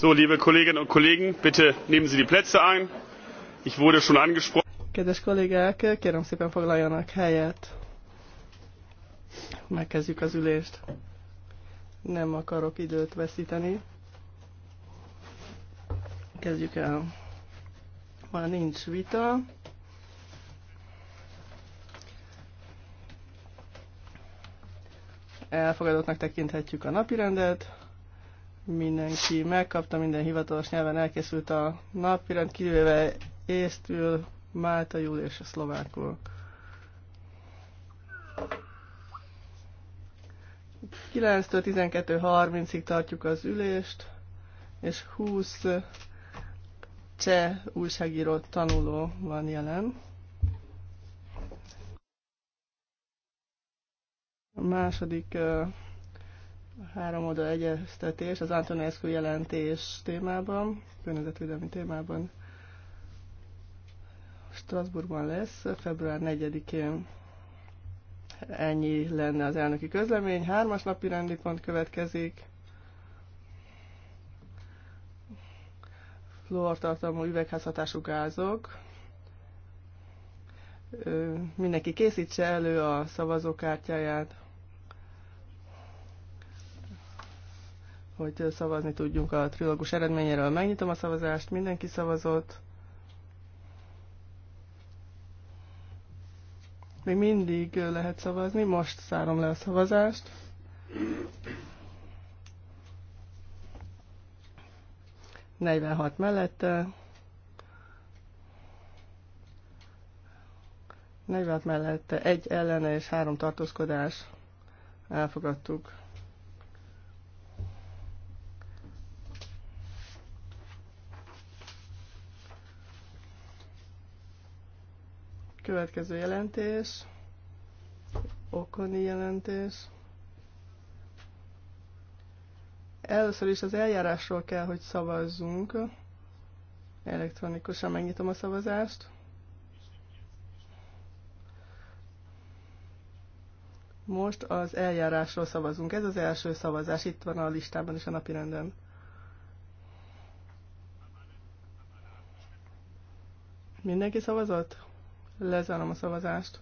So, liebe Kolleginnen und Kollegen, bitte nehmen Sie die Plätze ein. Ich wurde schon angesprochen. Kedves kollégák, kérem szépen foglaljanak helyet. Megkezdjük az ülést. Nem akarok időt veszíteni. Kezdjük el. Ma nincs vita. Elfogadottnak tekinthetjük a napirendet Mindenki megkapta, minden hivatalos nyelven elkészült a napirend, kivéve észtül, Júl és a szlovákul. Kilenctől 12.30-ig tartjuk az ülést, és 20 cseh újságíró tanuló van jelen. A második három oda egyeztetés az Antonescu jelentés témában, környezetvédelmi témában. Strasbourgban lesz, február 4-én. Ennyi lenne az elnöki közlemény. Hármas napi rendi pont következik. Fluortartalmú üvegházhatású gázok. Mindenki készítse elő a szavazókártyáját. hogy szavazni tudjunk a trilógus eredményéről. Megnyitom a szavazást, mindenki szavazott. Még mindig lehet szavazni, most szárom le a szavazást. Negyvenhat mellette. 46 mellette, egy ellene és három tartózkodás. Elfogadtuk. Következő jelentés, okoni jelentés. Először is az eljárásról kell, hogy szavazzunk. Elektronikusan megnyitom a szavazást. Most az eljárásról szavazunk. Ez az első szavazás. Itt van a listában is a napirenden. Mindenki szavazott? Lezárom a szavazást.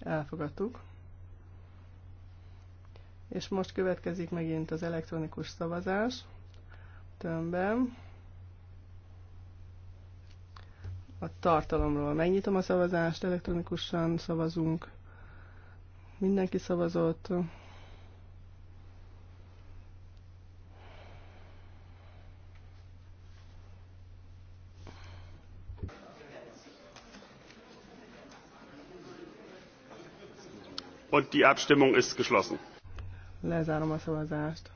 Elfogadtuk. És most következik megint az elektronikus szavazás. Tömbben. A tartalomról megnyitom a szavazást, elektronikusan szavazunk. Mindenki szavazott. und die Abstimmung ist geschlossen. Lezárom a szavazást.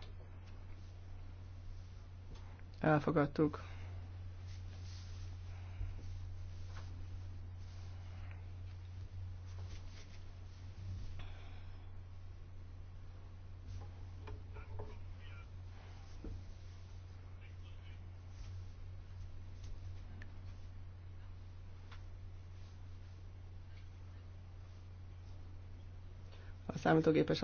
Elfogadtuk. számítógépes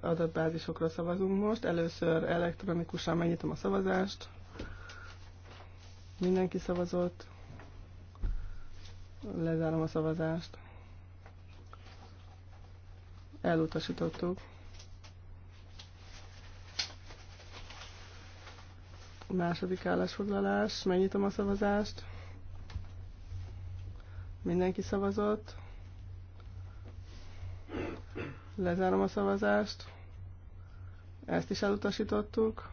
adatbázisokra szavazunk most. Először elektronikusan megnyitom a szavazást. Mindenki szavazott. Lezárom a szavazást. Elutasítottuk. A második állásfoglalás. Megnyitom a szavazást. Mindenki szavazott. Lezárom a szavazást. Ezt is elutasítottuk.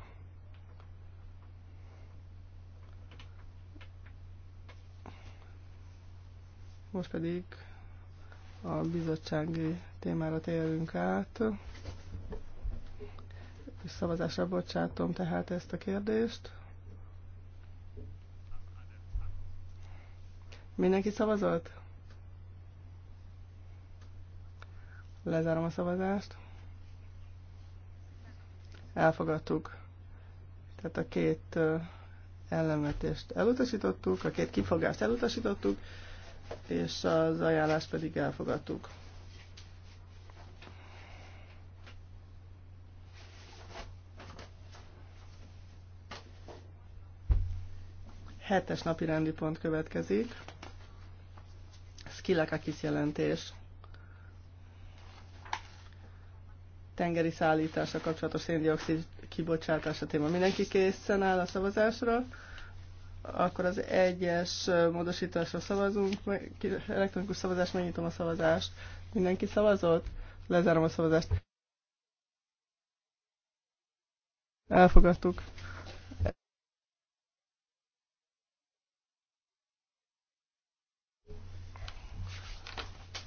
Most pedig a bizottsági témára térünk át. És szavazásra bocsátom tehát ezt a kérdést. Mindenki szavazott? Lezárom a szavazást. Elfogadtuk. Tehát a két ellenvetést elutasítottuk, a két kifogást elutasítottuk, és az ajánlást pedig elfogadtuk. Hetes napi rendi pont következik. a kis jelentés. tengeri szállításra kapcsolatos széndiokszid kibocsátása téma. Mindenki készen áll a szavazásra, akkor az egyes módosításra szavazunk, elektronikus szavazás megnyitom a szavazást. Mindenki szavazott? Lezárom a szavazást. Elfogadtuk.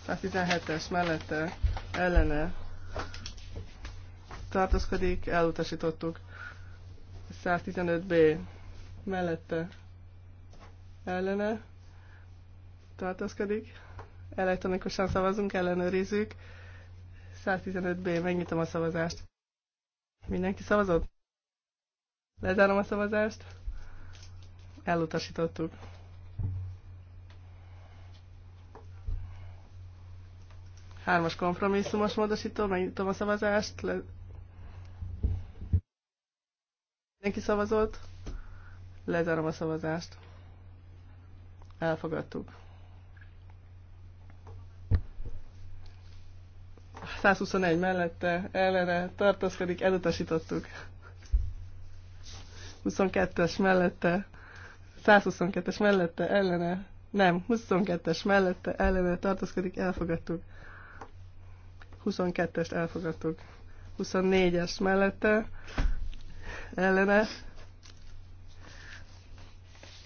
A 17-es mellette ellene tartózkodik, elutasítottuk. 115B mellette ellene tartózkodik. Elektronikusan szavazunk, ellenőrizzük. 115B, megnyitom a szavazást. Mindenki szavazott? Lezárom a szavazást. Elutasítottuk. Hármas kompromisszumos módosító, megnyitom a szavazást, le, Mindenki szavazott. Lezárom a szavazást. Elfogadtuk. 121 mellette ellene tartózkodik, elutasítottuk. 22-es mellette, 122-es mellette ellene, nem, 22-es mellette ellene tartózkodik, elfogadtuk. 22-est elfogadtuk. 24-es mellette ellene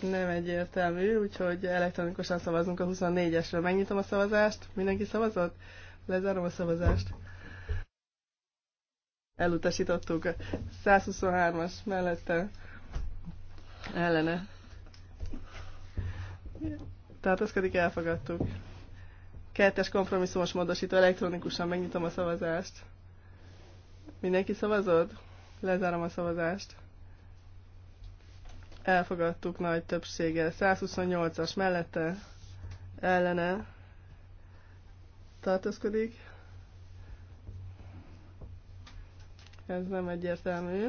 nem egyértelmű, úgyhogy elektronikusan szavazunk a 24-esről. Megnyitom a szavazást. Mindenki szavazott? Lezárom a szavazást. Elutasítottuk. 123-as mellette ellene. Tartózkodik, elfogadtuk. Kettes kompromisszumos módosító elektronikusan megnyitom a szavazást. Mindenki szavazott? Lezárom a szavazást. Elfogadtuk nagy többséggel. 128-as mellette ellene tartózkodik. Ez nem egyértelmű.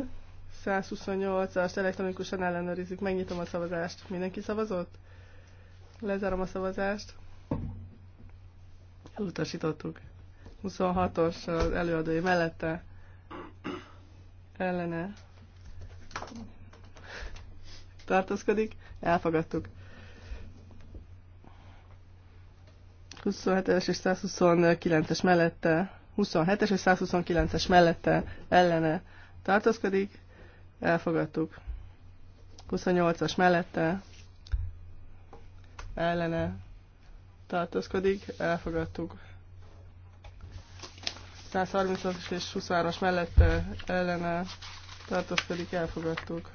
128-as elektronikusan ellenőrizzük. Megnyitom a szavazást. Mindenki szavazott? Lezárom a szavazást. Elutasítottuk. 26-os az előadói mellette ellene tartózkodik, elfogadtuk. 27-es és 129-es mellette, 27-es és 129-es mellette ellene tartózkodik, elfogadtuk. 28-as mellette ellene tartózkodik, elfogadtuk. 136 és 23-as mellette ellene tartózkodik, elfogadtuk.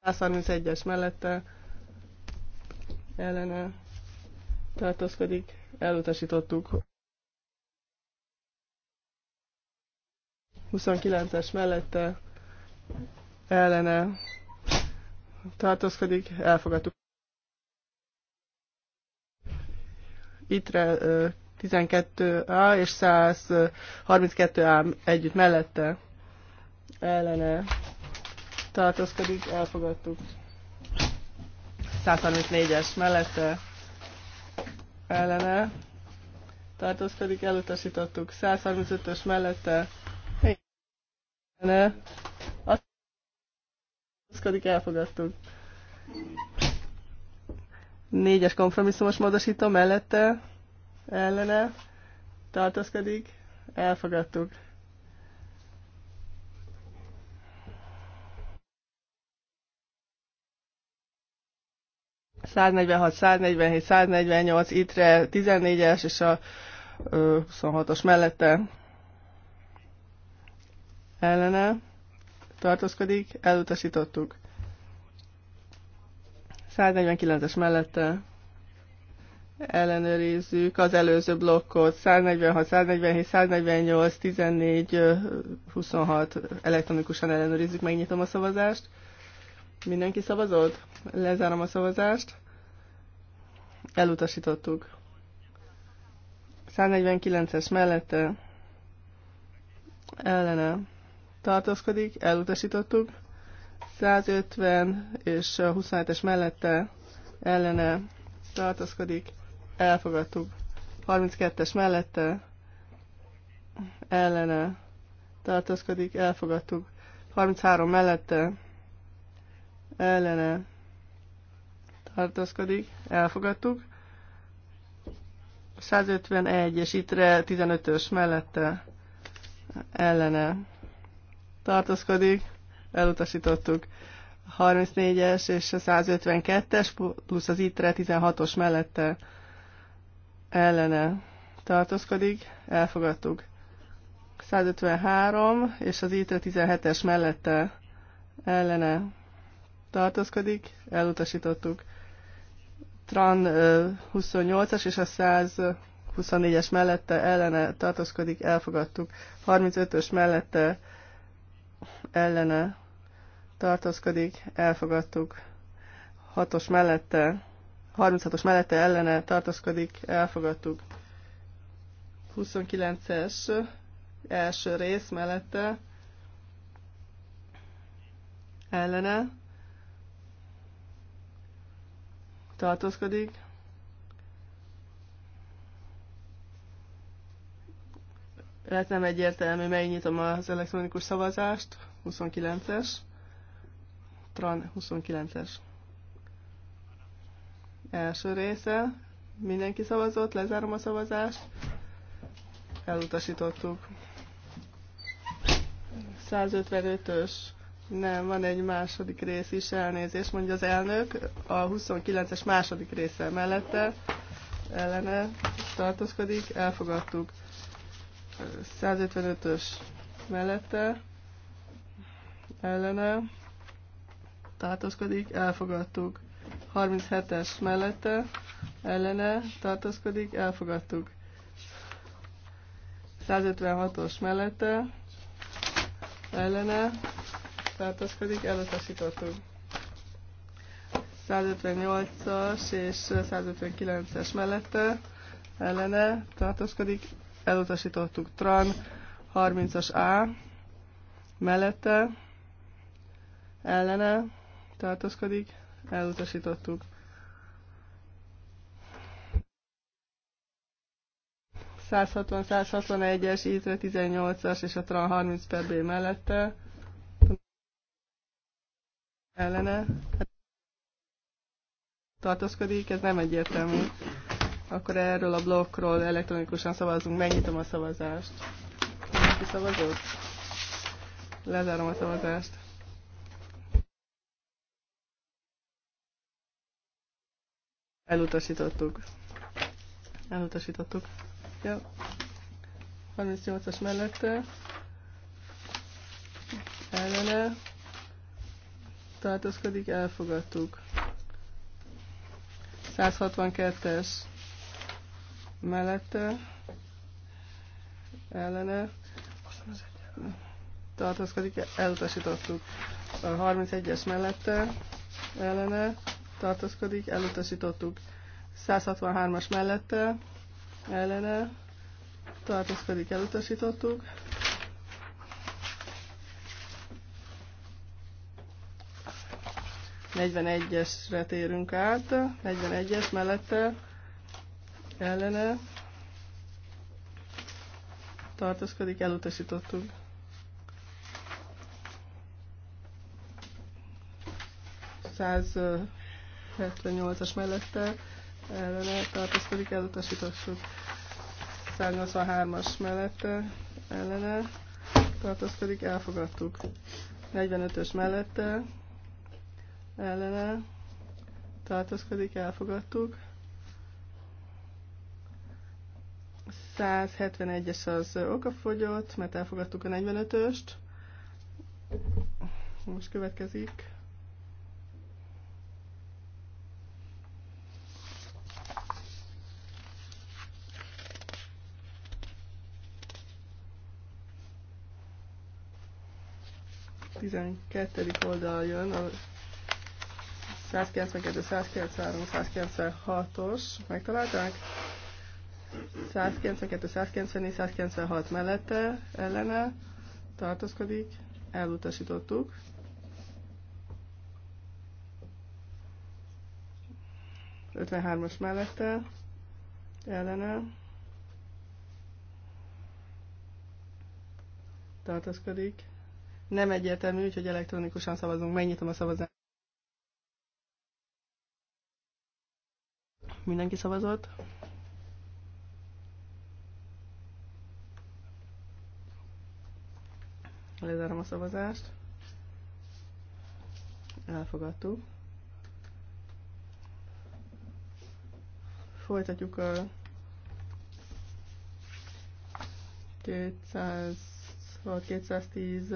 A 131-es mellette ellene tartózkodik, elutasítottuk. 29-es mellette ellene tartózkodik, elfogadtuk. ITRE 12A és 132A együtt mellette ellene tartózkodik, elfogadtuk. 134-es mellette ellene tartózkodik, elutasítottuk. 135-ös mellette ellene tartózkodik, elfogadtuk. Négyes kompromisszumos módosító mellette ellene tartozkodik, Elfogadtuk. ...146, 147, 148, ITRE 14-es és a 26-os mellette ellene tartózkodik, elutasítottuk. 149-es mellette ellenőrizzük az előző blokkot. 146, 147, 148, 14, 26 elektronikusan ellenőrizzük. Megnyitom a szavazást. Mindenki szavazott? Lezárom a szavazást. Elutasítottuk. 149-es mellette ellene tartózkodik, elutasítottuk. 150 és a 27-es mellette ellene tartozkodik, elfogadtuk. 32-es mellette ellene tartozkodik, elfogadtuk. 33 mellette ellene tartozkodik, elfogadtuk. 151 és ittre 15-ös mellette ellene tartozkodik elutasítottuk. 34-es és a 152-es plusz az ITRE 16-os mellette ellene tartózkodik, elfogadtuk. 153 és az ITRE 17-es mellette ellene tartózkodik, elutasítottuk. TRAN 28-as és a 124-es mellette ellene tartózkodik, elfogadtuk. 35-ös mellette ellene tartózkodik, elfogadtuk. 6-os mellette, 36-os mellette ellene tartózkodik, elfogadtuk. 29-es első rész mellette ellene tartózkodik, lehet nem egyértelmű, megnyitom az elektronikus szavazást. 29-es. Tran 29-es. Első része. Mindenki szavazott, lezárom a szavazást. Elutasítottuk. 155-ös. Nem, van egy második rész is, elnézést mondja az elnök. A 29-es második része mellette ellene tartózkodik, elfogadtuk. 155-ös mellette ellene tartózkodik, elfogadtuk. 37-es mellette ellene tartózkodik, elfogadtuk. 156-os mellette ellene tartózkodik, elutasítottuk. 158-as és 159-es mellette ellene tartózkodik, elutasítottuk Tran 30-as A mellette ellene tartózkodik, elutasítottuk. 160 161 es ITRE 18-as és a TRAN 30 per B mellette ellene Tartozkodik, ez nem egyértelmű. Akkor erről a blokkról elektronikusan szavazunk. Megnyitom a szavazást. Mindenki szavazott? Lezárom a szavazást. Elutasítottuk. Elutasítottuk. Ja. 38-as mellette. Ellene. Tartózkodik, elfogadtuk. 162-es mellette ellene tartózkodik, elutasítottuk. A 31-es mellette ellene tartózkodik, elutasítottuk. 163-as mellette ellene tartózkodik, elutasítottuk. Negyvenegyesre térünk át, 41-es mellette ellene tartózkodik, elutasítottuk. Száz 78-as mellette ellene tartózkodik, elutasítottuk. 183-as mellette ellene tartózkodik, elfogadtuk. 45-ös mellette ellene tartózkodik, elfogadtuk. 171-es az okafogyott, mert elfogadtuk a 45-öst. Most következik. 12. oldal jön a 192, 193, 196-os. Megtalálták? 192, 194, 196 mellette, ellene tartozkodik, elutasítottuk. Ötvenhármas mellette, ellene tartozkodik. Nem egyértelmű, úgyhogy elektronikusan szavazunk. Megnyitom a szavazást. Mindenki szavazott? Lezárom a szavazást. Elfogadtuk. Folytatjuk a 210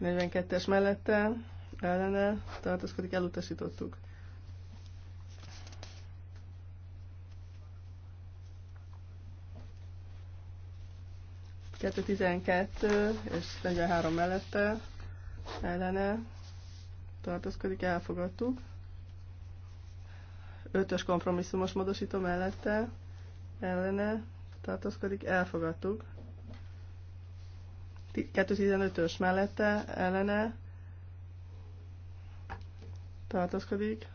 42-es mellette ellene tartózkodik, elutasítottuk. 212 és 43 mellette ellene tartózkodik, elfogadtuk. 5-ös kompromisszumos módosító mellette ellene tartózkodik, elfogadtuk. 215-ös mellette ellene tartózkodik.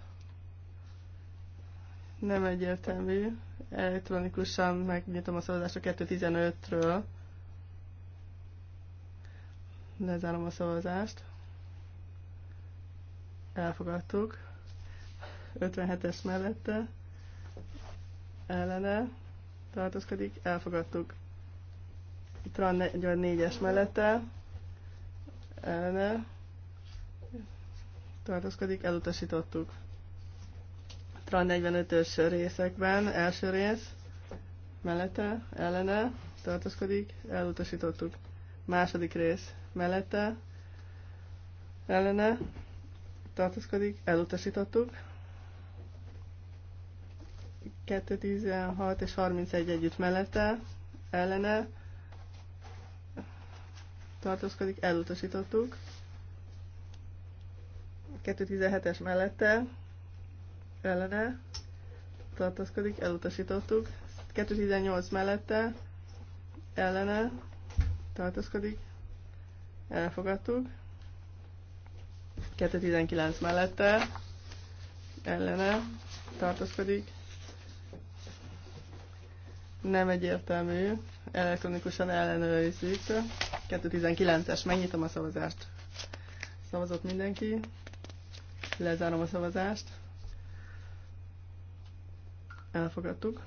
Nem egyértelmű. Elektronikusan megnyitom a szavazást a 215-ről. Lezárom a szavazást. Elfogadtuk. 57-es mellette. Ellene. Tartózkodik. Elfogadtuk. Itt van 4 es mellette. Ellene. Tartózkodik. Elutasítottuk. Tran 45-ös részekben. Első rész. Mellette. Ellene. Tartózkodik. Elutasítottuk Második rész mellette ellene tartózkodik, elutasítottuk. 2, 16 és 31 együtt mellette ellene tartózkodik, elutasítottuk. 217-es mellette ellene tartózkodik, elutasítottuk. 218 mellette ellene tartózkodik, elfogadtuk. 219 mellette, ellene, tartózkodik. Nem egyértelmű, elektronikusan ellenőrizzük. 219-es, megnyitom a szavazást. Szavazott mindenki, lezárom a szavazást. Elfogadtuk.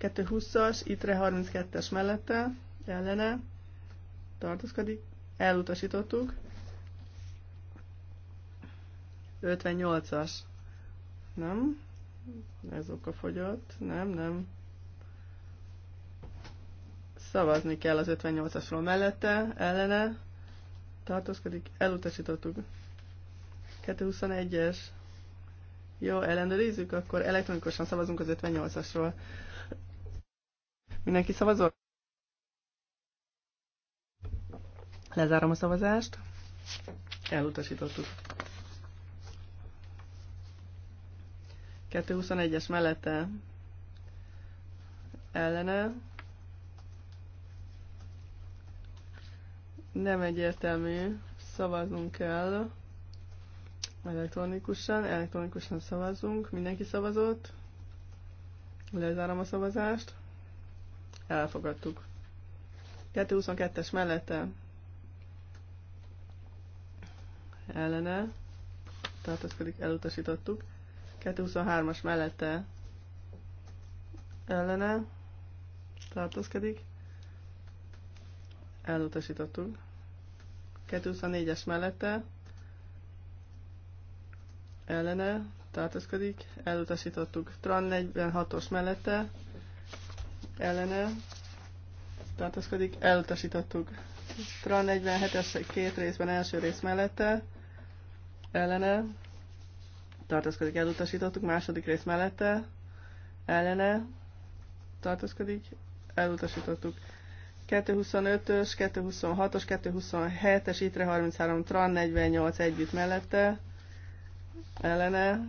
220-as, ITRE 32-es mellette, ellene, tartozkodik, elutasítottuk. 58-as, nem, ez oka fogyott, nem, nem. Szavazni kell az 58-asról mellette, ellene, tartozkodik, elutasítottuk. 221-es. Jó, ellenőrizzük, akkor elektronikusan szavazunk az 58-asról. Mindenki szavazott? Lezárom a szavazást. Elutasítottuk. 221-es mellette ellene. Nem egyértelmű, szavaznunk kell elektronikusan. Elektronikusan szavazunk, mindenki szavazott. Lezárom a szavazást elfogadtuk. 222-es mellette ellene tehát pedig elutasítottuk. 223-as mellette ellene tartózkodik, elutasítottuk. 224-es mellette ellene tartózkodik, elutasítottuk. Tran 46-os mellette ellene tartozkodik, elutasítottuk. Tran 47-es két részben első rész mellette, ellene tartozkodik, elutasítottuk, második rész mellette, ellene tartozkodik, elutasítottuk. 225-ös, 226-os, 227-es, ITRE 33, TRAN 48 együtt mellette, ellene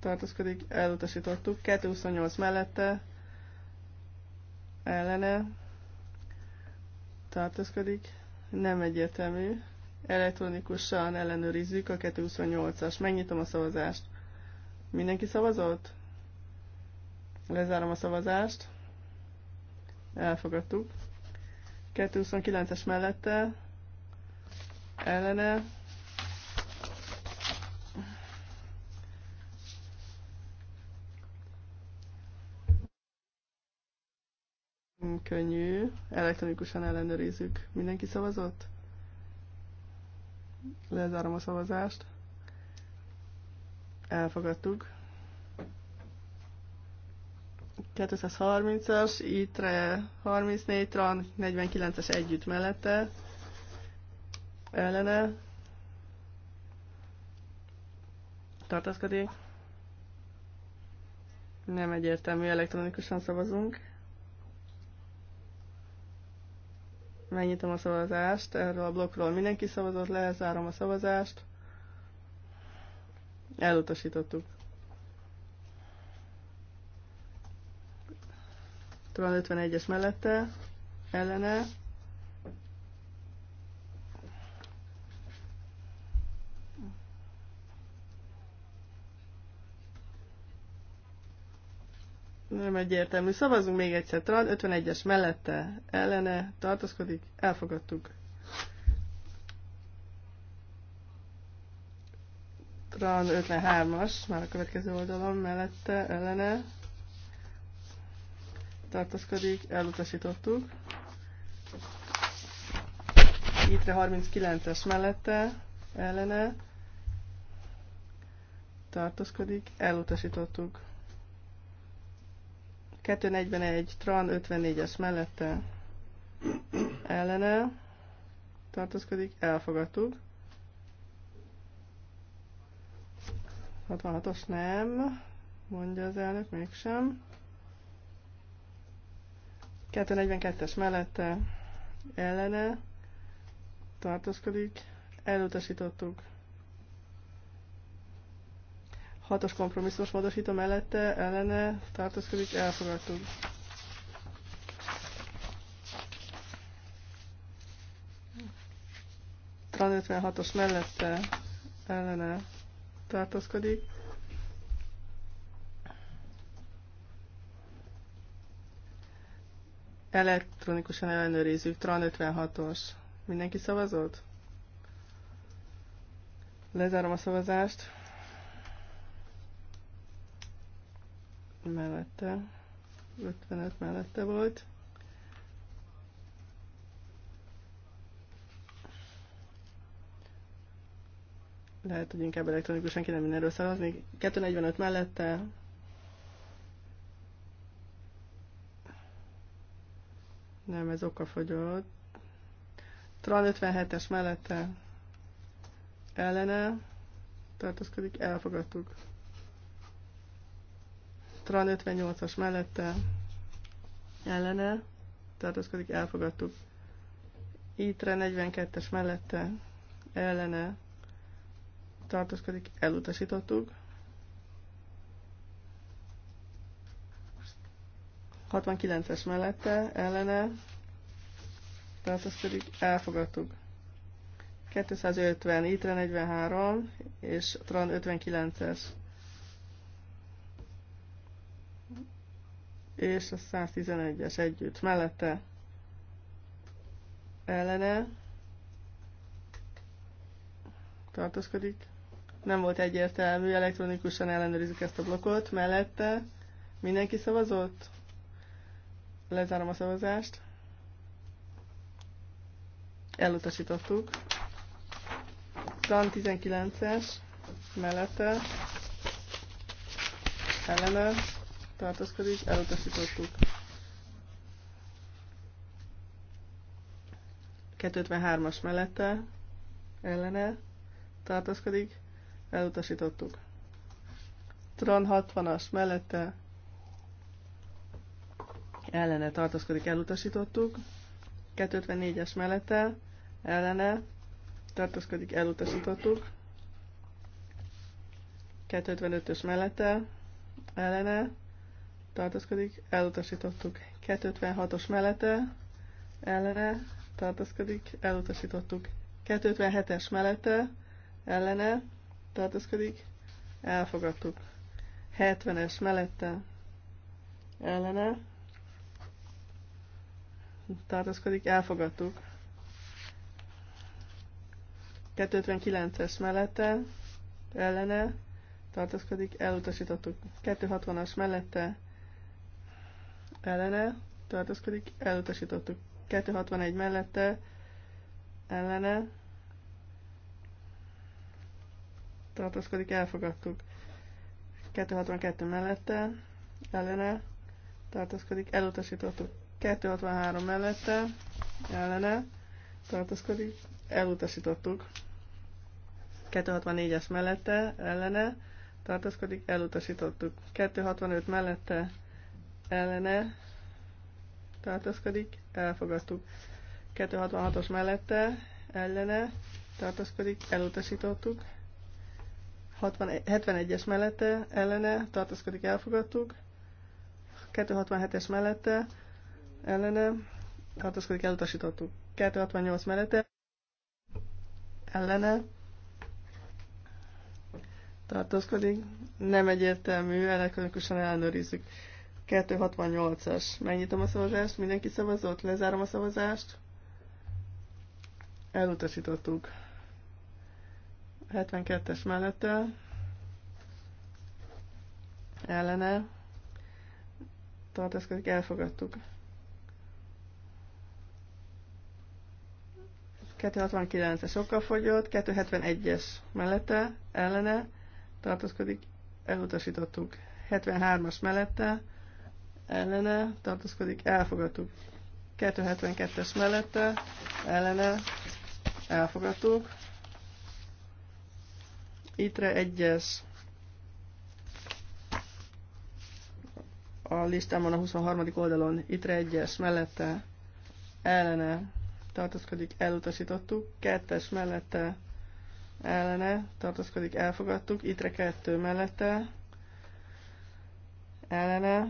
tartozkodik, elutasítottuk, 228 mellette, ellene tartózkodik, nem egyértelmű. Elektronikusan ellenőrizzük a 228-as. Megnyitom a szavazást. Mindenki szavazott? Lezárom a szavazást. Elfogadtuk. 229-es mellette ellene könnyű. Elektronikusan ellenőrizzük. Mindenki szavazott? Lezárom a szavazást. Elfogadtuk. 230-as, ITRE 34, TRAN 49-es együtt mellette, ellene, Tartaszkodik. Nem egyértelmű, elektronikusan szavazunk. Megnyitom a szavazást, erről a blokkról mindenki szavazott, lezárom a szavazást. Elutasítottuk. Talán 51-es mellette, ellene, Nem egyértelmű. Szavazunk még egyszer. Talán 51-es mellette ellene tartozkodik. Elfogadtuk. Tran 53-as, már a következő oldalon mellette ellene tartozkodik. elutasítottuk. Itre 39-es mellette ellene tartozkodik. elutasítottuk. 241, Tran 54-es mellette ellene tartózkodik, elfogadtuk. 66-os nem, mondja az elnök, mégsem. 242-es mellette ellene tartózkodik, elutasítottuk. Hatos kompromisszumos módosító mellette ellene tartózkodik, elfogadtuk. Tran 56-os mellette ellene tartózkodik. Elektronikusan ellenőrizzük. Tran 56-os. Mindenki szavazott? Lezárom a szavazást. mellette, 55 mellette volt. Lehet, hogy inkább elektronikusan kéne mindenről szavazni. 245 mellette, nem, ez oka fogyott Tran 57-es mellette ellene Tartozkodik, elfogadtuk. Tran 58-as mellette ellene tartózkodik, elfogadtuk. Itre 42-es mellette ellene tartózkodik, elutasítottuk. 69-es mellette ellene tartózkodik, elfogadtuk. 250, Itre 43 és Tran 59-es és a 111-es együtt mellette ellene tartózkodik. Nem volt egyértelmű, elektronikusan ellenőrizzük ezt a blokkot, mellette mindenki szavazott. Lezárom a szavazást. Elutasítottuk. Tran 19-es mellette ellene tartózkodik, elutasítottuk. 253-as mellette, ellene, tartózkodik, elutasítottuk. Tron 60-as mellette, ellene tartózkodik, elutasítottuk. 254-es mellette, ellene, tartózkodik, elutasítottuk. 255-ös mellette, ellene, tartózkodik, elutasítottuk. 256-os mellette, ellene, tartózkodik, elutasítottuk. 257-es mellette, ellene, tartózkodik, elfogadtuk. 70-es mellette, ellene, tartózkodik, elfogadtuk. 259-es mellette, ellene, tartózkodik, elutasítottuk. 260-as mellette, ellene tartózkodik, elutasítottuk. 261 mellette ellene tartózkodik, elfogadtuk. 262 mellette ellene tartózkodik, elutasítottuk. 263 mellette ellene tartózkodik, elutasítottuk. 264-es mellette ellene tartózkodik, elutasítottuk. 265 mellette ellene tartozkodik, elfogadtuk. 266-os mellette ellene tartozkodik, elutasítottuk. 71-es mellette ellene tartozkodik, elfogadtuk. 267-es mellette ellene tartozkodik, elutasítottuk. 268 mellette ellene tartozkodik, nem egyértelmű, elektronikusan ellenőrizzük. 268-as. Megnyitom a szavazást, mindenki szavazott, lezárom a szavazást. Elutasítottuk. 72-es mellette. Ellene. Tartaszkodik, elfogadtuk. 269-es sokkal fogyott, 271-es mellette, ellene, tartózkodik, elutasítottuk. 73-as mellette, ellene tartózkodik, elfogadtuk. 272-es mellette ellene elfogadtuk. Itre egyes a van a 23. oldalon Itre egyes mellette ellene tartózkodik, elutasítottuk. Kettes mellette ellene tartózkodik, elfogadtuk. Itre kettő mellette ellene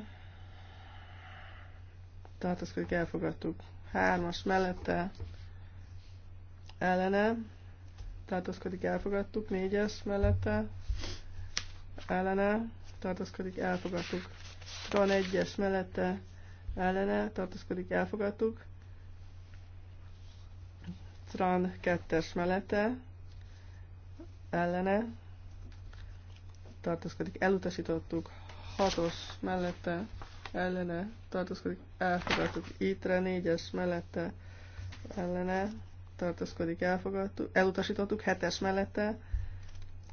tartózkodik, elfogadtuk. Hármas mellette ellene, tartózkodik, elfogadtuk. Négyes mellette ellene, tartózkodik, elfogadtuk. Tron egyes mellette ellene, tartózkodik, elfogadtuk. Tran kettes mellette ellene, tartózkodik, elutasítottuk. Hatos mellette ellene tartózkodik, elfogadtuk. Étre négyes mellette ellene tartózkodik, elfogadtuk. Elutasítottuk, hetes mellette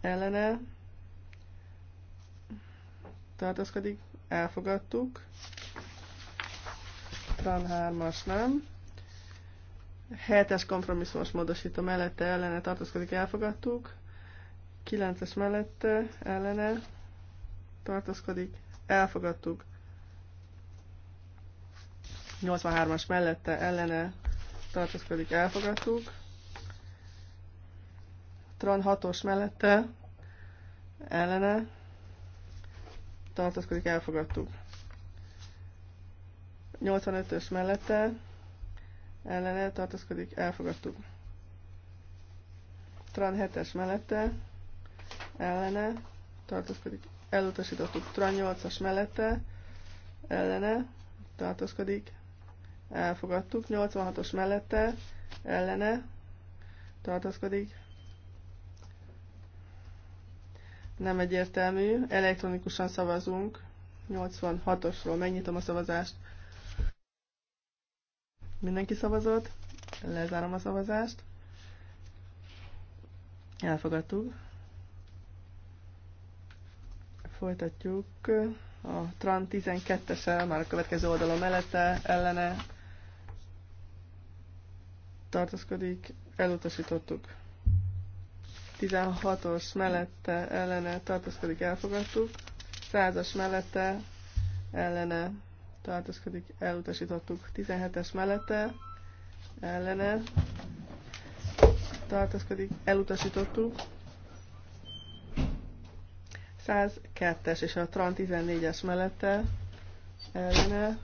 ellene tartózkodik, elfogadtuk. Tran 3-as nem. hetes kompromisszumos módosító mellette ellene tartózkodik, elfogadtuk. 9-es mellette ellene tartózkodik, elfogadtuk. 83-as mellette ellene tartózkodik, elfogadtuk. Tran 6-os mellette ellene tartózkodik, elfogadtuk. 85-ös mellette ellene tartózkodik, elfogadtuk. Tran 7-es mellette ellene tartózkodik, elutasítottuk. Tran 8-as mellette ellene tartózkodik, elfogadtuk, 86-os mellette, ellene, tartozkodik. Nem egyértelmű, elektronikusan szavazunk, 86-osról megnyitom a szavazást. Mindenki szavazott, lezárom a szavazást. Elfogadtuk. Folytatjuk a Tran 12-esel, már a következő oldalon mellette, ellene tartózkodik, elutasítottuk. 16-os mellette ellene tartózkodik, elfogadtuk. 100-as mellette ellene tartózkodik, elutasítottuk. 17-es mellette ellene tartózkodik, elutasítottuk. 102-es és a Tran 14-es mellette ellene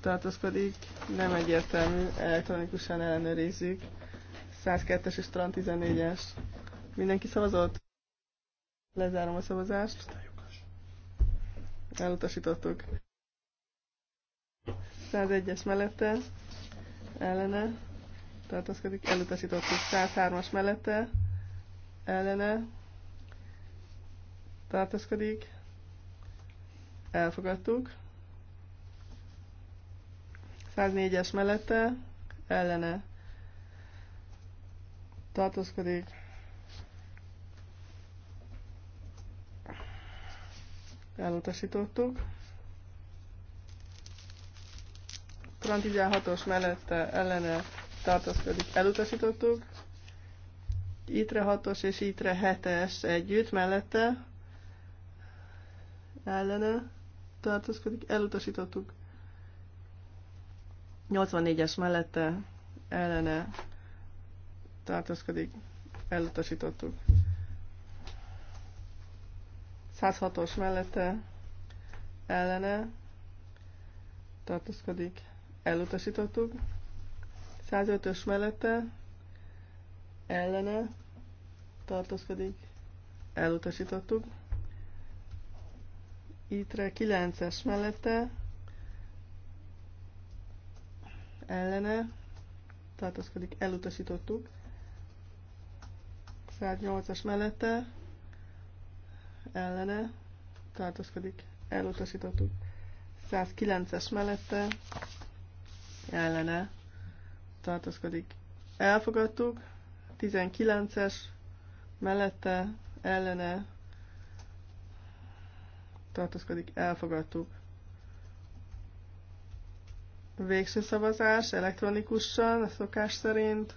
tartózkodik, nem egyértelmű, elektronikusan ellenőrizzük. 102-es és Tran 14-es. Mindenki szavazott? Lezárom a szavazást. Elutasítottuk. 101-es mellette, ellene, tartózkodik, elutasítottuk. 103-as mellette, ellene, tartózkodik, elfogadtuk. 104-es mellette ellene tartózkodik. Elutasítottuk. Trant 16-os mellette ellene tartózkodik. Elutasítottuk. Itre 6-os és Itre 7-es együtt mellette ellene tartózkodik. Elutasítottuk. 84-es mellette ellene tartozkodik, elutasítottuk. 106-os mellette ellene tartozkodik, elutasítottuk. 105-ös mellette ellene tartozkodik, elutasítottuk. Itre 9-es mellette ellene tartozkodik, elutasítottuk. 108-as mellette ellene tartozkodik, elutasítottuk. 109-es mellette ellene tartozkodik, elfogadtuk. 19-es mellette ellene tartozkodik, elfogadtuk. Végső szavazás elektronikusan, a szokás szerint.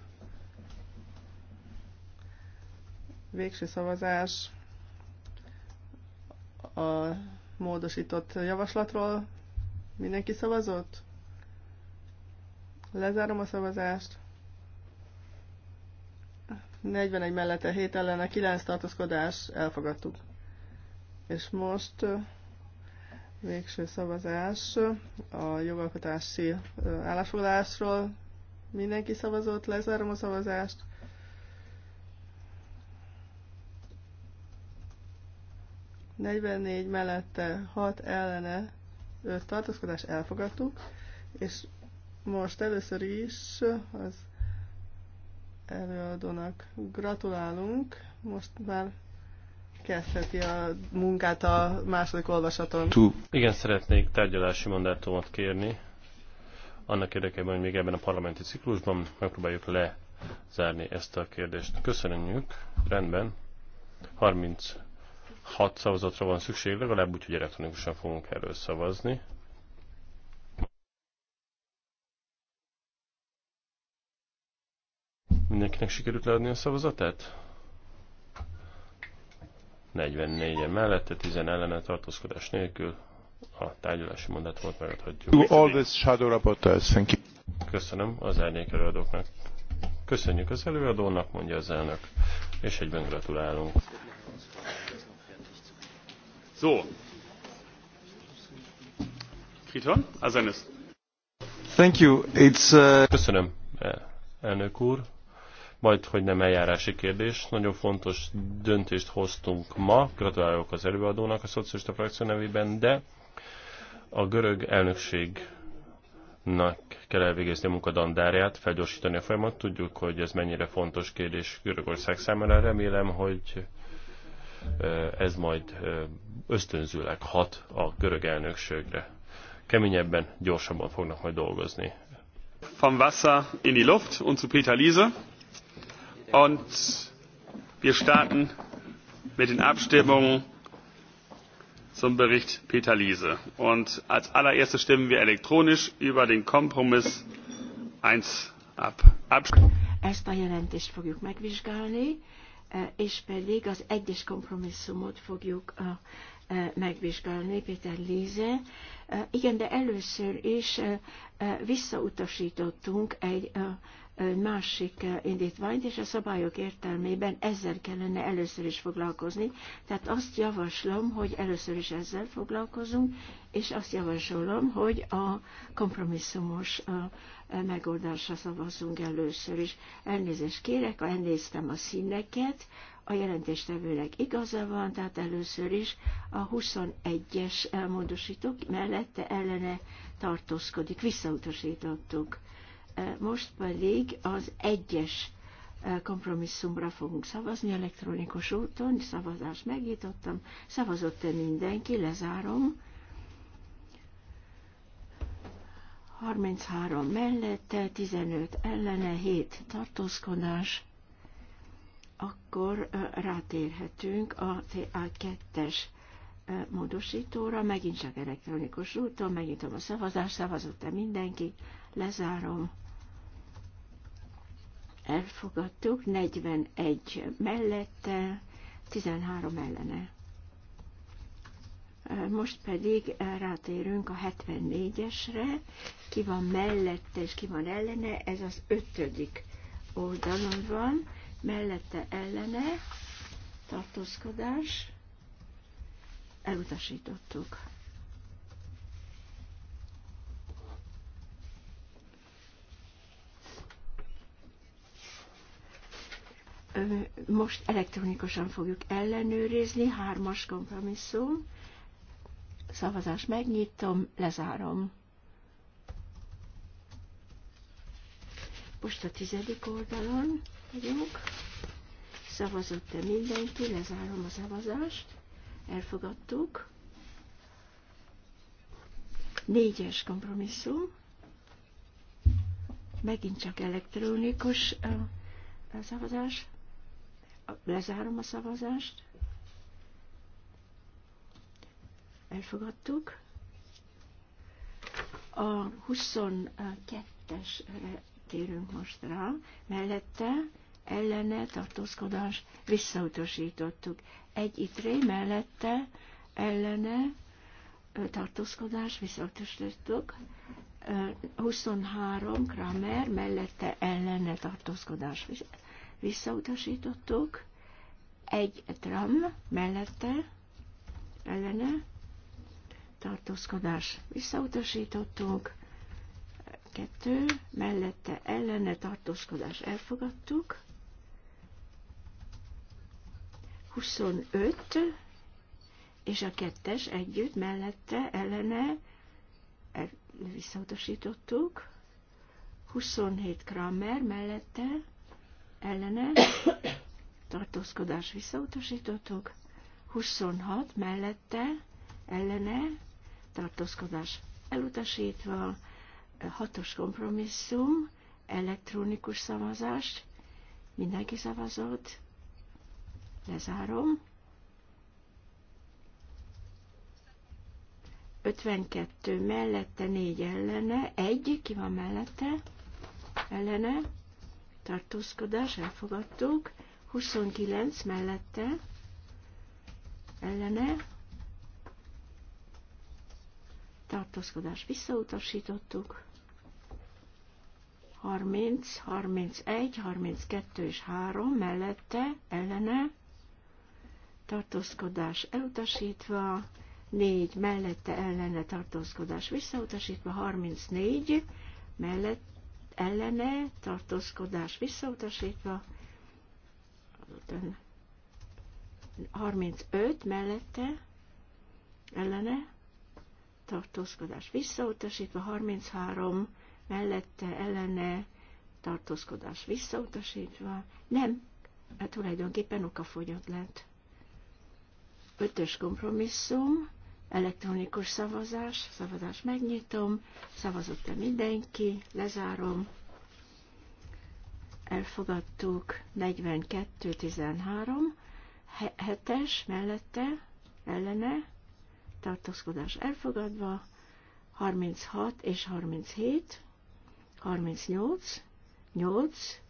Végső szavazás a módosított javaslatról. Mindenki szavazott? Lezárom a szavazást. 41 mellette 7 ellene 9 tartozkodás elfogadtuk. És most Végső szavazás a jogalkotási állásfoglalásról. Mindenki szavazott, lezárom a szavazást. Negyvennégy mellette, hat ellene, öt tartózkodás elfogadtuk, és most először is az előadónak gratulálunk, most már kezdheti a munkát a második olvasaton. Two. Igen, szeretnék tárgyalási mandátumot kérni. Annak érdekében, hogy még ebben a parlamenti ciklusban megpróbáljuk lezárni ezt a kérdést. Köszönjük, rendben. 36 szavazatra van szükség, legalább úgy, hogy elektronikusan fogunk erről szavazni. Mindenkinek sikerült leadni a szavazatát? 44-en mellette, 10 ellene tartózkodás nélkül a tárgyalási mandátumot megadhatjuk. All this shadow rapporteurs, thank you. Köszönöm az árnyék előadóknak. Köszönjük az előadónak, mondja az elnök, és egyben gratulálunk. So. Kriton, Azenis. Thank you. It's, uh... Köszönöm, elnök úr majd hogy nem eljárási kérdés. Nagyon fontos döntést hoztunk ma, gratulálok az előadónak a szocialista frakció nevében, de a görög elnökségnek kell elvégezni a munkadandárját, felgyorsítani a folyamat. Tudjuk, hogy ez mennyire fontos kérdés Görögország számára. Remélem, hogy ez majd ösztönzőleg hat a görög elnökségre. Keményebben, gyorsabban fognak majd dolgozni. Vom Wasser in die Luft und zu Peter Liese und wir starten mit den Abstimmungen zum Bericht Peter Liese. Und als allererstes stimmen wir elektronisch über den Kompromiss 1 ab. ab Ezt a jelentést fogjuk megvizsgálni, eh, és pedig az egyes kompromisszumot fogjuk eh, eh, megvizsgálni, Péter Líze. Igen, de először is visszautasítottunk egy egy másik eh, indítványt, és a szabályok értelmében ezzel kellene először is foglalkozni. Tehát azt javaslom, hogy először is ezzel foglalkozunk, és azt javasolom, hogy a kompromisszumos eh, megoldásra szavazzunk először is. Elnézést kérek, elnéztem a színeket, a jelentéstevőnek igaza van, tehát először is a 21-es eh, módosítók mellette ellene tartózkodik, visszautasítottuk. Most pedig az egyes e, kompromisszumra fogunk szavazni elektronikus úton, szavazást megnyitottam, szavazott-e mindenki, lezárom. 33 mellette, 15 ellene, 7 tartózkodás, akkor e, rátérhetünk a TA2-es e, módosítóra, megint csak elektronikus úton, megnyitom a szavazást, szavazott-e mindenki, lezárom elfogadtuk, 41 mellette, 13 ellene. Most pedig rátérünk a 74-esre, ki van mellette és ki van ellene, ez az ötödik oldalon van, mellette ellene, tartózkodás, elutasítottuk. most elektronikusan fogjuk ellenőrizni, hármas kompromisszum. Szavazást megnyitom, lezárom. Most a tizedik oldalon vagyunk. Szavazott-e mindenki? Lezárom a szavazást. Elfogadtuk. Négyes kompromisszum. Megint csak elektronikus a szavazás. Lezárom a szavazást. Elfogadtuk. A 22-esre térünk most rá, mellette ellene tartózkodás visszautasítottuk. Egy itré mellette ellene tartózkodás visszautasítottuk. 23 Kramer mellette ellene tartózkodás visszautasítottuk visszautasítottuk, egy dram mellette, ellene, tartózkodás visszautasítottuk, kettő, mellette ellene tartózkodás elfogadtuk, 25, és a kettes együtt mellette ellene visszautasítottuk, 27 Kramer mellette ellene tartózkodás visszautasítottuk, 26 mellette ellene tartózkodás elutasítva, hatos kompromisszum, elektronikus szavazást, mindenki szavazott, lezárom. 52 mellette, 4 ellene, 1, ki van mellette, ellene, tartózkodás, elfogadtuk. 29 mellette, ellene, tartózkodás visszautasítottuk. 30, 31, 32 és 3 mellette, ellene, tartózkodás elutasítva, 4 mellette ellene tartózkodás visszautasítva, 34 mellette, ellene, tartózkodás visszautasítva, 35 mellette, ellene, tartózkodás visszautasítva, 33 mellette, ellene, tartózkodás visszautasítva, nem, mert hát tulajdonképpen okafogyott lett. Ötös kompromisszum, Elektronikus szavazás, szavazás megnyitom, szavazott-e mindenki, lezárom. Elfogadtuk 42-13, hetes mellette, ellene, tartózkodás elfogadva, 36 és 37, 38, 8,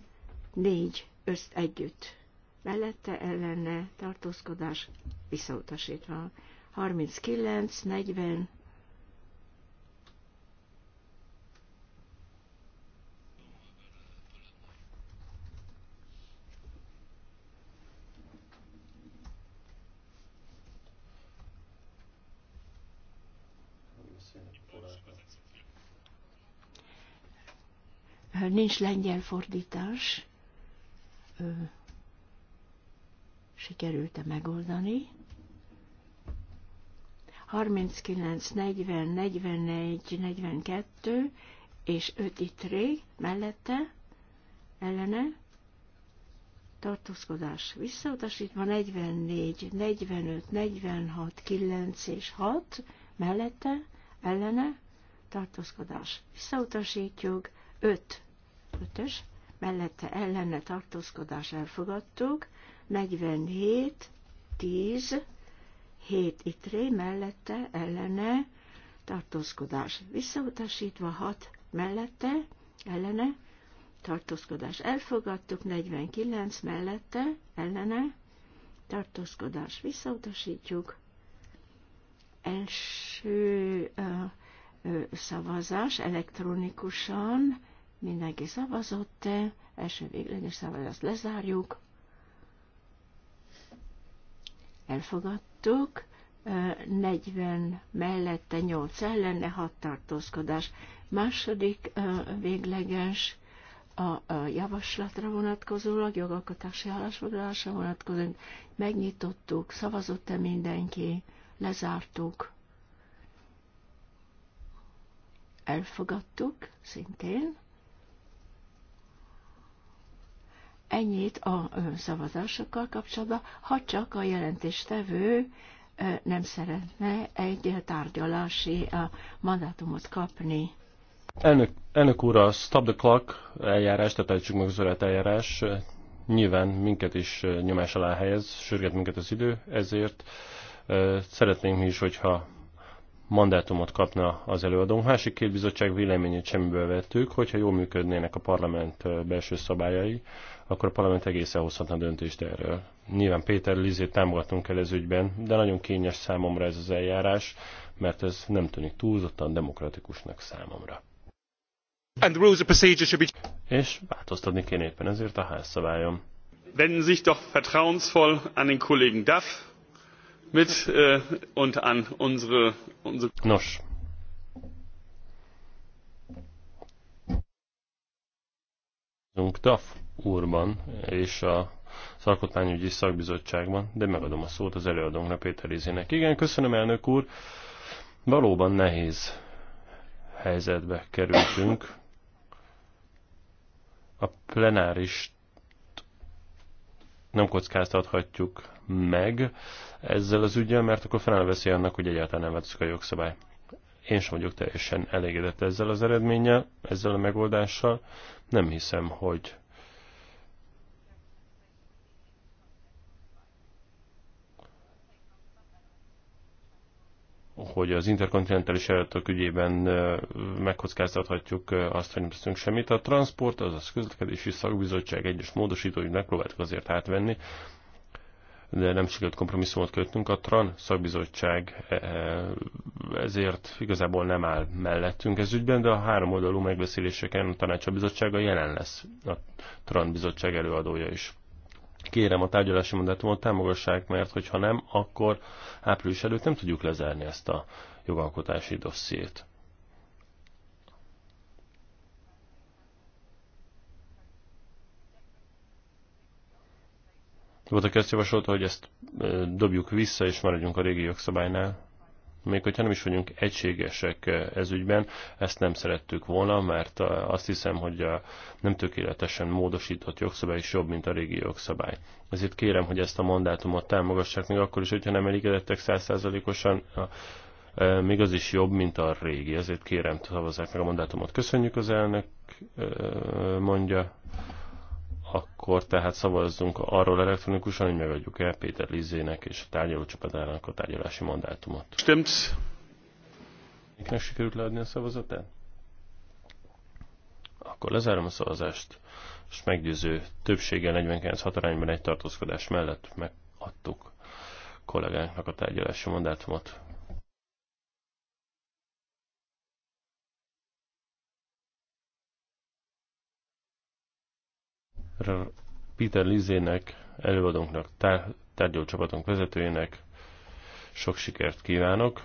4 össz együtt. Mellette ellene tartózkodás visszautasítva. 39, 40, 40. nincs lengyel fordítás, sikerült-e megoldani. 39, 40, 41, 42 és 5 itt rég, mellette ellene tartózkodás visszautasítva, 44, 45, 46, 9 és 6 mellette ellene tartózkodás visszautasítjuk, 5, 5-ös mellette ellene tartózkodás elfogadtuk, 47, 10 7 itré mellette ellene tartózkodás visszautasítva, 6 mellette ellene tartózkodás elfogadtuk, 49 mellette ellene tartózkodás visszautasítjuk, első uh, szavazás elektronikusan, mindenki szavazott, első végleges szavazást lezárjuk, elfogadtuk, 40 mellette 8 ellene 6 tartózkodás. Második végleges a javaslatra vonatkozólag, jogalkotási állásfoglalásra vonatkozóan megnyitottuk, szavazott-e mindenki, lezártuk, elfogadtuk szintén. Ennyit a szavazásokkal kapcsolatban, ha csak a jelentéstevő nem szeretne egy tárgyalási mandátumot kapni. Elnök, elnök úr, a stop the clock eljárás, tehát állítsuk meg az eljárás, nyilván minket is nyomás alá helyez, sürget minket az idő, ezért szeretném, is, hogyha mandátumot kapna az előadó. Másik két bizottság véleményét semmiből vettük, hogyha jól működnének a parlament belső szabályai, akkor a parlament egészen hozhatna döntést erről. Nyilván Péter Lizét támogatunk el ez ügyben, de nagyon kényes számomra ez az eljárás, mert ez nem tűnik túlzottan demokratikusnak számomra. And the rules of procedure should be... És változtatni kéne éppen ezért a házszabályom. Wenden sich doch vertrauensvoll an den Kollegen Duff mit äh, und an unsere, unsere... Nos, DAF úrban és a az Szakbizottságban, de megadom a szót az előadónknak, Péter Izének. Igen, köszönöm elnök úr, valóban nehéz helyzetbe kerültünk. A plenáris nem kockáztathatjuk meg ezzel az ügyel, mert akkor felelveszi annak, hogy egyáltalán nem változik a jogszabály. Én sem vagyok teljesen elégedett ezzel az eredménnyel, ezzel a megoldással. Nem hiszem, hogy hogy az interkontinentális eredetek ügyében megkockáztathatjuk azt, hogy nem teszünk semmit. A transport, a közlekedési szakbizottság egyes módosítói megpróbáltuk azért átvenni, de nem sikerült kompromisszumot kötnünk. A TRAN szakbizottság e, e, ezért igazából nem áll mellettünk ez ügyben, de a három oldalú megbeszéléseken a tanácsabizottsága jelen lesz a TRAN bizottság előadója is. Kérem a tárgyalási mandátumot támogassák, mert hogyha nem, akkor április előtt nem tudjuk lezárni ezt a jogalkotási dossziét. Volt aki azt javasolta, hogy ezt dobjuk vissza, és maradjunk a régi jogszabálynál. Még hogyha nem is vagyunk egységesek ez ügyben, ezt nem szerettük volna, mert azt hiszem, hogy a nem tökéletesen módosított jogszabály is jobb, mint a régi jogszabály. Ezért kérem, hogy ezt a mandátumot támogassák még akkor is, hogyha nem elégedettek százszázalékosan, még az is jobb, mint a régi. Ezért kérem, szavazzák meg a mandátumot. Köszönjük az elnök, mondja akkor tehát szavazzunk arról elektronikusan, hogy megadjuk el Péter Lizének és a tárgyalócsapatának a tárgyalási mandátumot. Stimmt. Miknek sikerült leadni a szavazatát? Akkor lezárom a szavazást, és meggyőző többséggel 49 hatarányban egy tartózkodás mellett megadtuk kollégánknak a tárgyalási mandátumot. Peter Lizének, előadónknak, tárgyalócsapatunk vezetőjének sok sikert kívánok,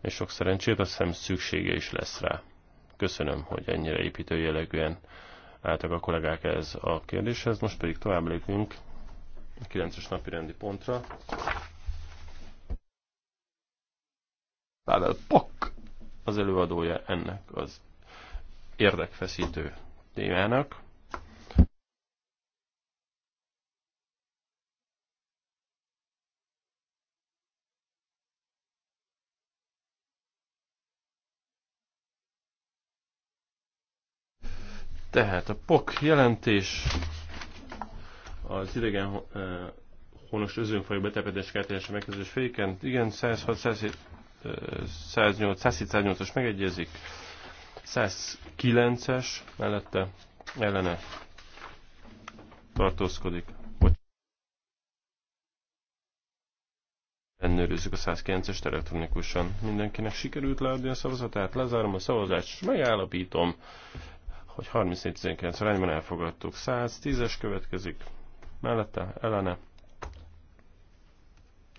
és sok szerencsét, azt hiszem szüksége is lesz rá. Köszönöm, hogy ennyire építő jellegűen álltak a kollégák ez a kérdéshez, most pedig tovább lépünk a 9-es napi rendi pontra. Pak az előadója ennek az érdekfeszítő témának. Tehát a POK jelentés az idegen eh, honos özönfajú betelepedés kártyása megkezdés féken, igen, 106, 107, 108, 107, 108-as megegyezik. 109-es mellette ellene tartózkodik. Ellenőrizzük a 109-est elektronikusan. Mindenkinek sikerült leadni a szavazatát, lezárom a szavazást, és megállapítom, hogy 34-19 arányban elfogadtuk. 110-es következik, mellette, ellene,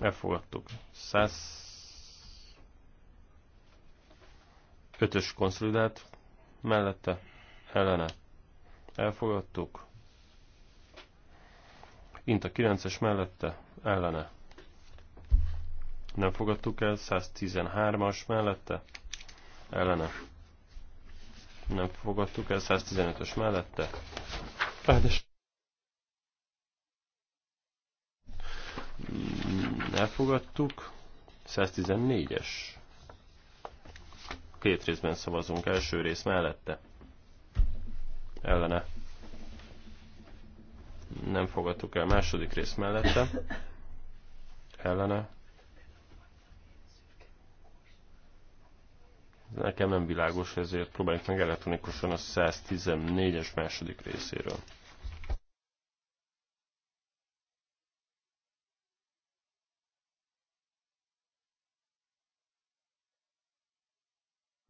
elfogadtuk. 100 Ötös konszolidált mellette ellene elfogadtuk. Int a 9-es mellette ellene nem fogadtuk el, 113-as mellette ellene nem fogadtuk el, 115-ös mellette. Ráadásul elfogadtuk. 114-es Két részben szavazunk. Első rész mellette. Ellene. Nem fogadtuk el. Második rész mellette. Ellene. Nekem nem világos, ezért próbáljuk meg elektronikusan a 114-es második részéről.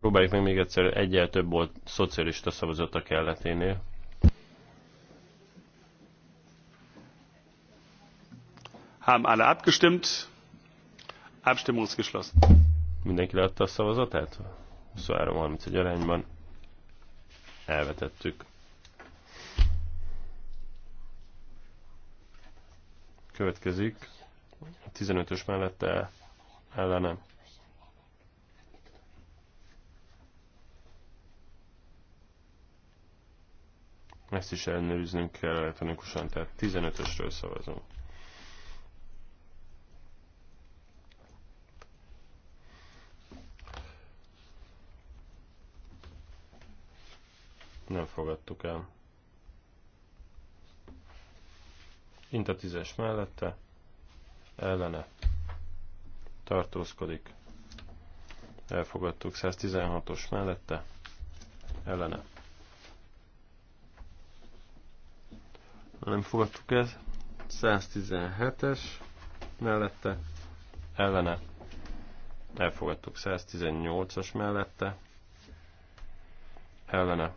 Próbáljuk meg még egyszer, egyel több volt szocialista a kelleténél. Haben alle abgestimmt? Abstimmung ist geschlossen. Mindenki leadta a szavazatát? 23-31 arányban elvetettük. Következik 15-ös mellette ellenem Ezt is ellenőriznünk kell elektronikusan, tehát 15-ösről szavazunk. Nem fogadtuk el. Int a 10-es mellette, ellene tartózkodik. Elfogadtuk 116-os mellette, ellene nem fogadtuk ez. 117-es mellette ellene elfogadtuk 118-as mellette ellene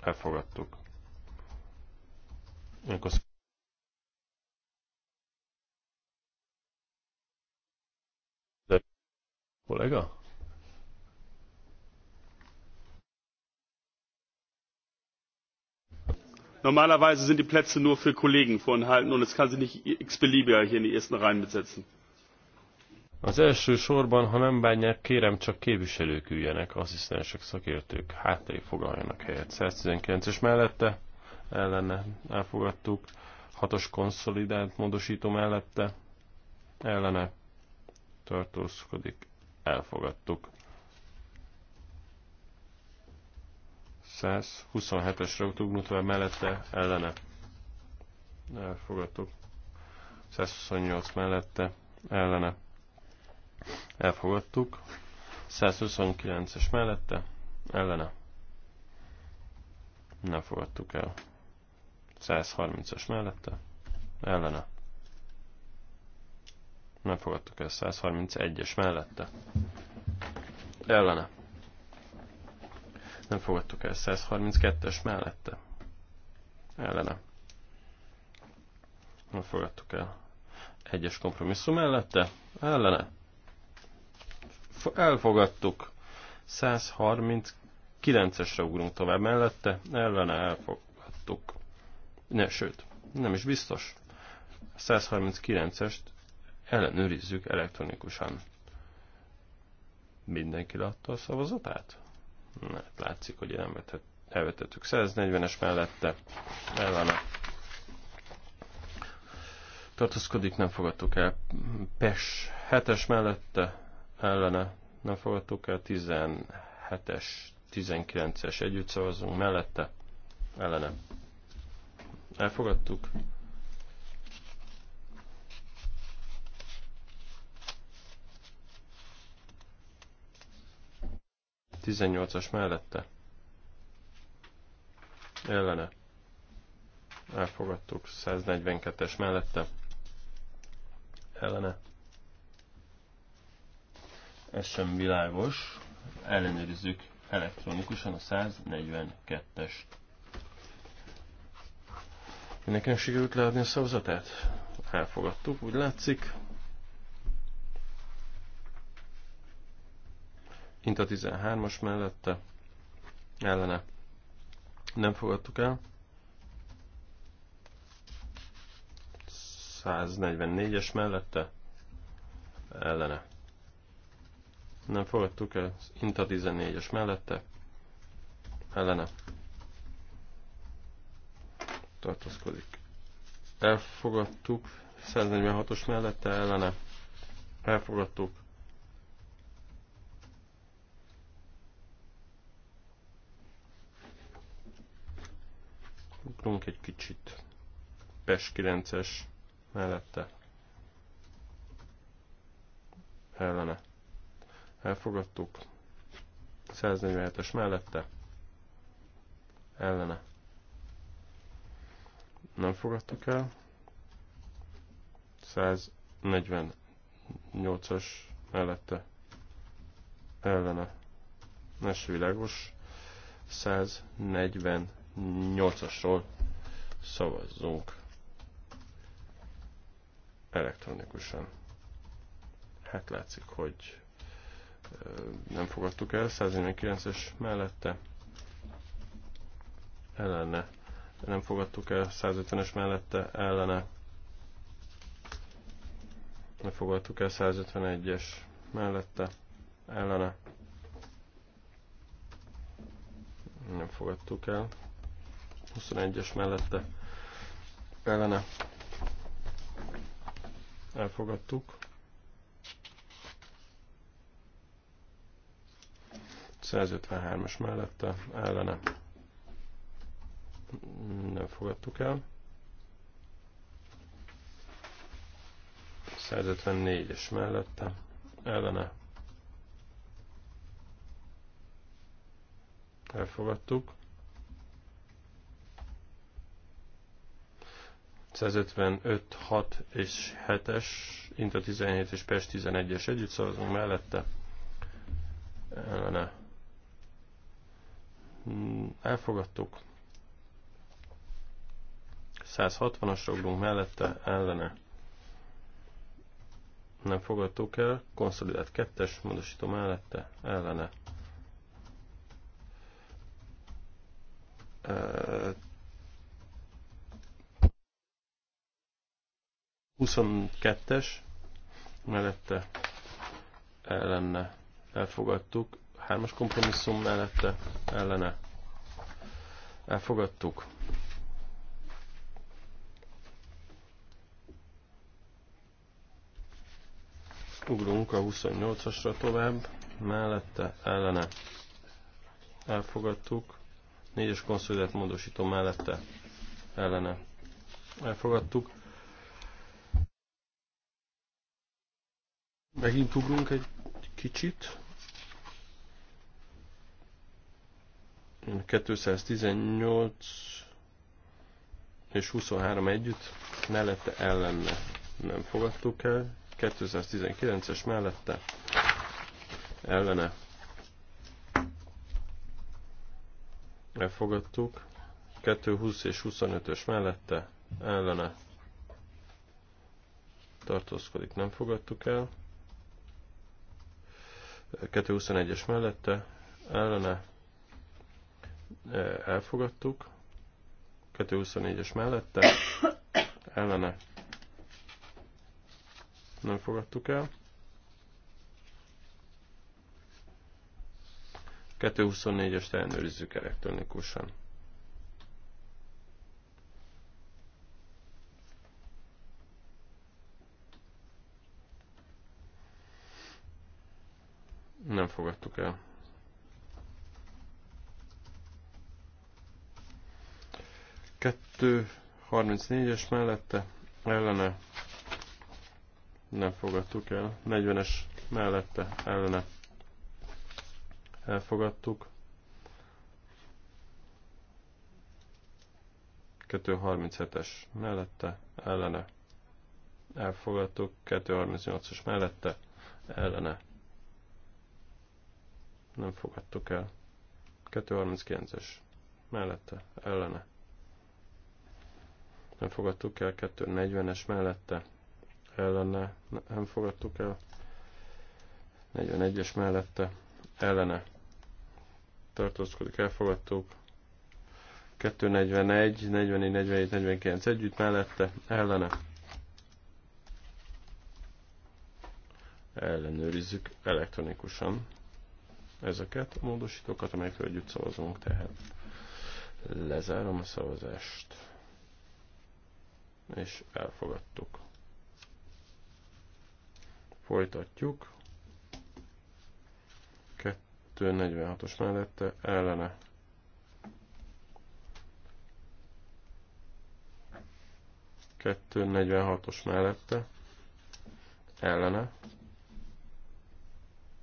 elfogadtuk akkor kollega? normalerweise sind die plätze nur für kollegen vorenthalten und es kann sich nicht x beliebiger hier in die ersten reihen besetzen. Az első sorban, ha nem bánják, kérem csak képviselők üljenek, asszisztensek, szakértők, hátré foglaljanak helyet. 119-es mellette, ellene elfogadtuk, 6-os konszolidált módosító mellette, ellene tartózkodik, elfogadtuk. 127-esre mutva mellette ellene elfogadtuk. 128 mellette ellene elfogadtuk. 129-es mellette ellene nem fogadtuk el. 130 es mellette ellene nem fogadtuk el. 131-es mellette ellene nem fogadtuk el 132-es mellette. Ellene. Nem fogadtuk el. Egyes kompromisszum mellette. Ellene. Elfogadtuk. 139-esre ugrunk tovább mellette. Ellene elfogadtuk. Ne, sőt, nem is biztos. 139-est ellenőrizzük elektronikusan. Mindenki látta a szavazatát? Hát látszik, hogy elvetett, elvetettük 140-es mellette, ellene tartózkodik, nem fogadtuk el. PES 7-es mellette, ellene nem fogadtuk el, 17-es, 19-es együtt szavazunk mellette, ellene. Elfogadtuk. 18-as mellette. Ellene. Elfogadtuk. 142-es mellette. Ellene. Ez sem világos. Ellenőrizzük elektronikusan a 142 es Mindenkinek sikerült leadni a szavazatát? Elfogadtuk, úgy látszik. mint a 13-as mellette ellene nem fogadtuk el. 144-es mellette ellene. Nem fogadtuk el. Int a 14-es mellette ellene. Tartozkodik. Elfogadtuk. 146-os mellette ellene. Elfogadtuk. ugrunk egy kicsit. PES 9-es mellette. Ellene. Elfogadtuk. 147-es mellette. Ellene. Nem fogadtuk el. 148-as mellette. Ellene. nesvilágos 8-asról szavazzunk elektronikusan. Hát látszik, hogy nem fogadtuk el, 149-es mellette ellene. Nem fogadtuk el 150-es mellette ellene. Nem fogadtuk el 151-es mellette ellene. Nem fogadtuk el. 21-es mellette ellene elfogadtuk. 153-es mellette ellene nem fogadtuk el. 154-es mellette ellene elfogadtuk. 155, 6 és 7-es, Inta 17 és Pest 11-es együtt szavazunk mellette. Ellene. Hmm, elfogadtuk. 160-as rogrunk mellette, ellene. Nem fogadtuk el. Konszolidált 2-es, módosító mellette, ellene. 22-es, mellette ellenne elfogadtuk, 3-as kompromisszum mellette ellene elfogadtuk. Ugrunk a 28-asra tovább, mellette ellene elfogadtuk, 4-es konszolidált módosító mellette ellene elfogadtuk, Megint ugrunk egy kicsit. 218 és 23 együtt, mellette ellenne nem fogadtuk el, 219-es mellette ellene elfogadtuk, 220 és 25-ös mellette ellene tartózkodik, nem fogadtuk el. 221-es mellette ellene e, elfogadtuk. 224-es mellette ellene nem fogadtuk el. 224-est elnőrizzük elektronikusan. Nem fogadtuk el. Kettő, 34-es mellette, ellene. Nem fogadtuk el. 40-es mellette, ellene. Elfogadtuk. 237-es mellette, ellene. Elfogadtuk. 238 os mellette, ellene nem fogadtuk el. 239-es mellette, ellene. Nem fogadtuk el 240-es mellette, ellene. Nem fogadtuk el 41-es mellette, ellene. Tartózkodik, elfogadtuk. 241, 44, 47, 49 együtt mellette, ellene. Ellenőrizzük elektronikusan ezeket a módosítókat, amelyekről együtt szavazunk, tehát lezárom a szavazást, és elfogadtuk. Folytatjuk. 246-os mellette ellene kettő 46-os mellette ellene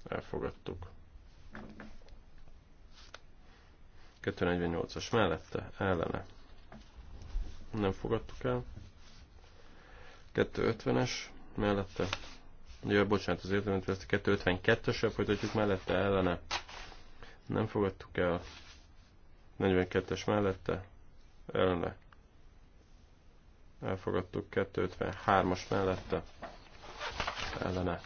elfogadtuk. 248-as mellette, ellene. Nem fogadtuk el. 250-es mellette. Jaj, bocsánat, az értelmet ezt 252-esre folytatjuk mellette, ellene. Nem fogadtuk el. 42-es mellette, ellene. Elfogadtuk 253-as mellette, ellene.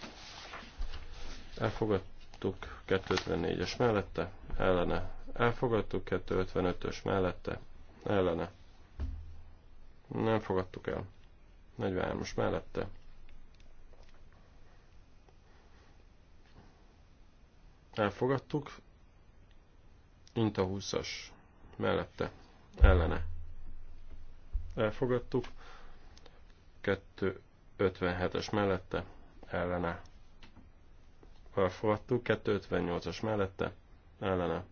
Elfogadtuk 254-es mellette, ellene elfogadtuk, 255-ös mellette ellene nem fogadtuk el, 43-os mellette elfogadtuk, a 20-as mellette ellene elfogadtuk, 257-es mellette ellene elfogadtuk, 258-as mellette ellene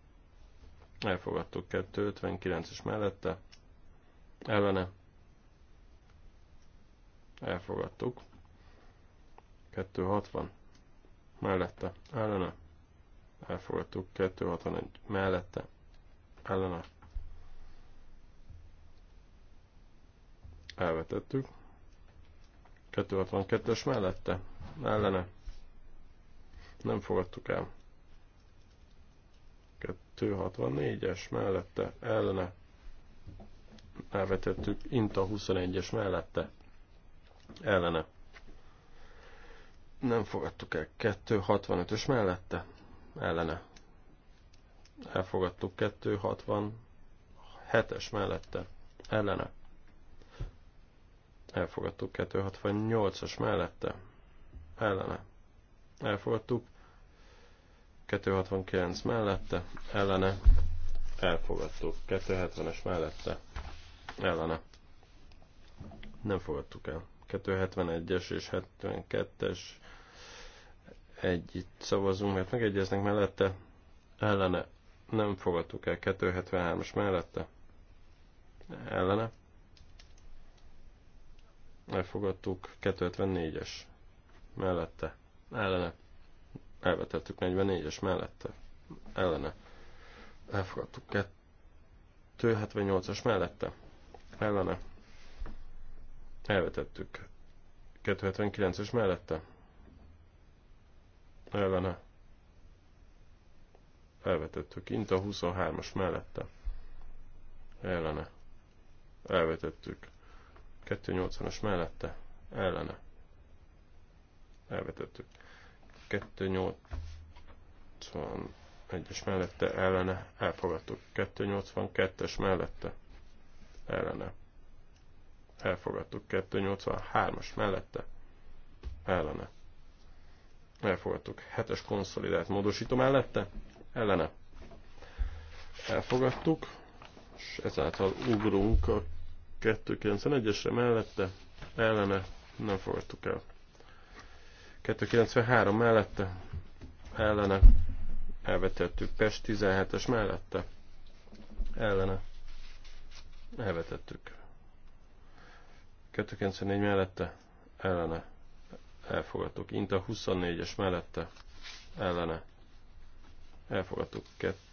elfogadtuk 259-es mellette, ellene elfogadtuk 260 mellette, ellene elfogadtuk 261 mellette, ellene elvetettük 262-es mellette, ellene nem fogadtuk el 264-es mellette ellene elvetettük, Inta 21-es mellette ellene nem fogadtuk el, 265-ös mellette ellene elfogadtuk, 267-es mellette ellene elfogadtuk, 268-as mellette ellene elfogadtuk, 269 mellette, ellene, elfogadtuk. 270-es mellette, ellene. Nem fogadtuk el. 271-es és 72-es együtt szavazunk, mert megegyeznek mellette, ellene nem fogadtuk el 273-as mellette. Ellene. Elfogadtuk 254-es mellette. Ellene elvetettük 44-es mellette, ellene, elfogadtuk 278-as mellette, ellene, elvetettük 279-es mellette, ellene, elvetettük a 23-as mellette, ellene, elvetettük 280-as mellette, ellene, elvetettük 281-es mellette ellene elfogadtuk. 282-es mellette ellene elfogadtuk. 283-as mellette ellene elfogadtuk. 7-es konszolidált módosító mellette ellene elfogadtuk, és ezáltal ugrunk a 291-esre mellette ellene nem fogadtuk el. 293 mellette ellene elvetettük. Pest 17-es mellette ellene elvetettük. 294 mellette ellene elfogadtuk. Inta 24-es mellette ellene elfogadtuk.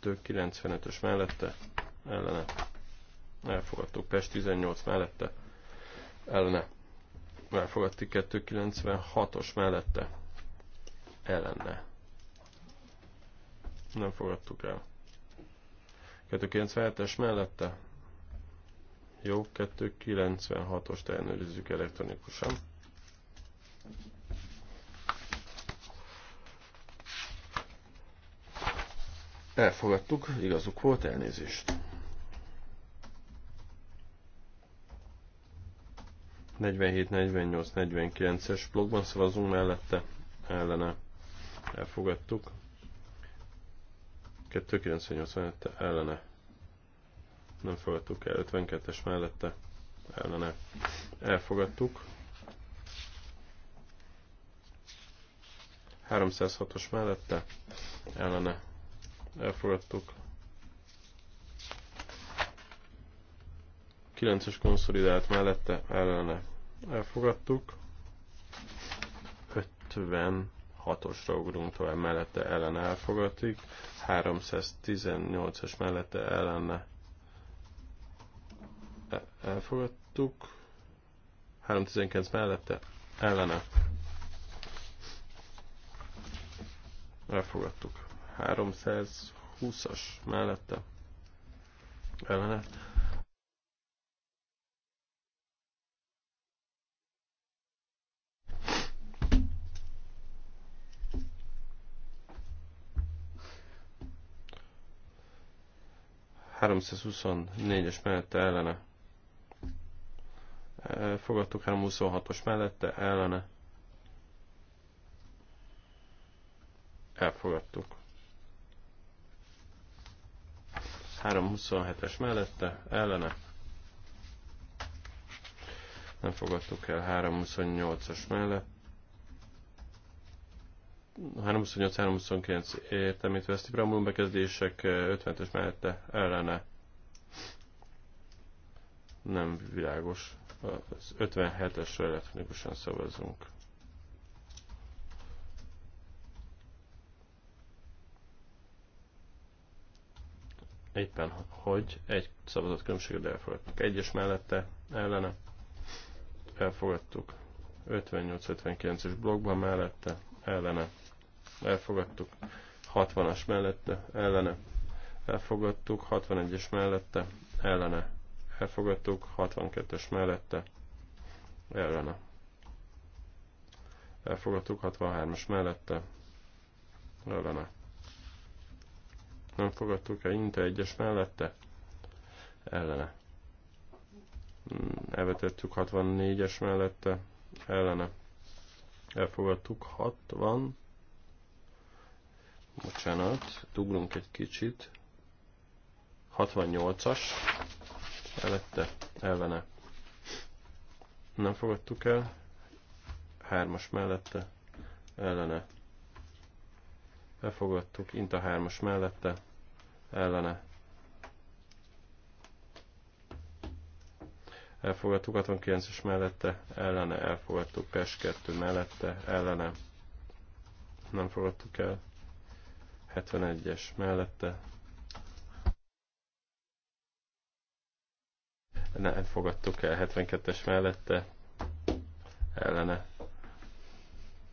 295-ös mellette ellene elfogadtuk. Pest 18 mellette ellene elfogadti 296-os mellette ellenne. Nem fogadtuk el. 297-es mellette. Jó, 296-ost ellenőrizzük elektronikusan. Elfogadtuk, igazuk volt, elnézést. 47, 48, 49-es blogban szavazunk mellette, ellene elfogadtuk. 298 mellette, ellene nem fogadtuk el, 52-es mellette, ellene elfogadtuk. 306-os mellette, ellene elfogadtuk. 9-es konszolidált mellette ellene elfogadtuk. 56-osra ugrunk tovább mellette ellen elfogadtuk. 318-as mellette ellene elfogadtuk. 319 mellette ellene elfogadtuk. 320-as mellette ellene 324-es mellette ellene. Fogadtuk 326-os mellette ellene. Elfogadtuk. 327-es mellette ellene. Nem fogadtuk el 328-as mellett 328-329 értelmét veszti preambulum bekezdések 50-es eh, mellette ellene nem világos. Az 57-esre elektronikusan szavazunk. Éppen hogy egy szavazat különbséget elfogadtuk. Egyes mellette ellene elfogadtuk. 58-59-es blokkban mellette ellene elfogadtuk. 60-as mellette, ellene, elfogadtuk. 61-es mellette, ellene, elfogadtuk. 62-es mellette, ellene. Elfogadtuk 63-as mellette, ellene. Nem fogadtuk el Inte 1-es mellette, ellene. Hmm, elvetettük 64-es mellette, ellene. Elfogadtuk 60 bocsánat, dugrunk egy kicsit. 68-as, elette, elvene. Nem fogadtuk el. 3-as mellette, ellene. Befogadtuk, int a 3-as mellette, ellene. Elfogadtuk 69-es mellette, ellene, elfogadtuk PES 2 mellette, ellene. Nem fogadtuk el. 71-es mellette nem fogadtuk el 72-es mellette ellene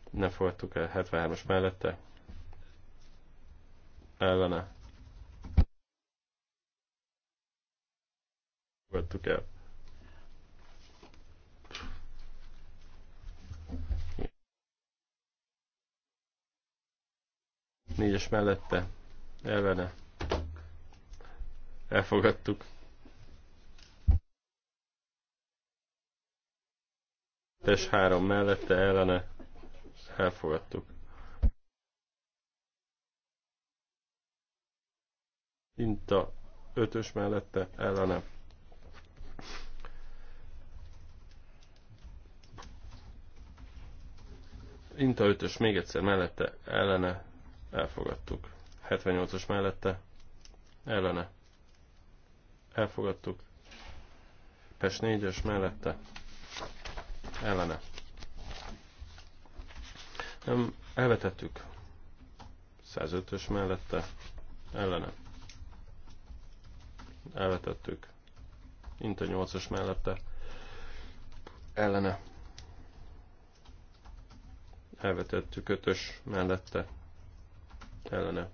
nem fogadtuk el 73-as mellette ellene fogadtuk el Négyes mellette elvene. elfogadtuk. Tes három mellette ellene elfogadtuk. Inta ötös mellette ellene Inta ötös még egyszer mellette ellene elfogadtuk. 78 os mellette, ellene, elfogadtuk. Pest 4-es mellette, ellene. Nem, elvetettük. 105-ös mellette, ellene. Elvetettük. Int 8-as mellette, ellene. Elvetettük 5-ös mellette, ellene.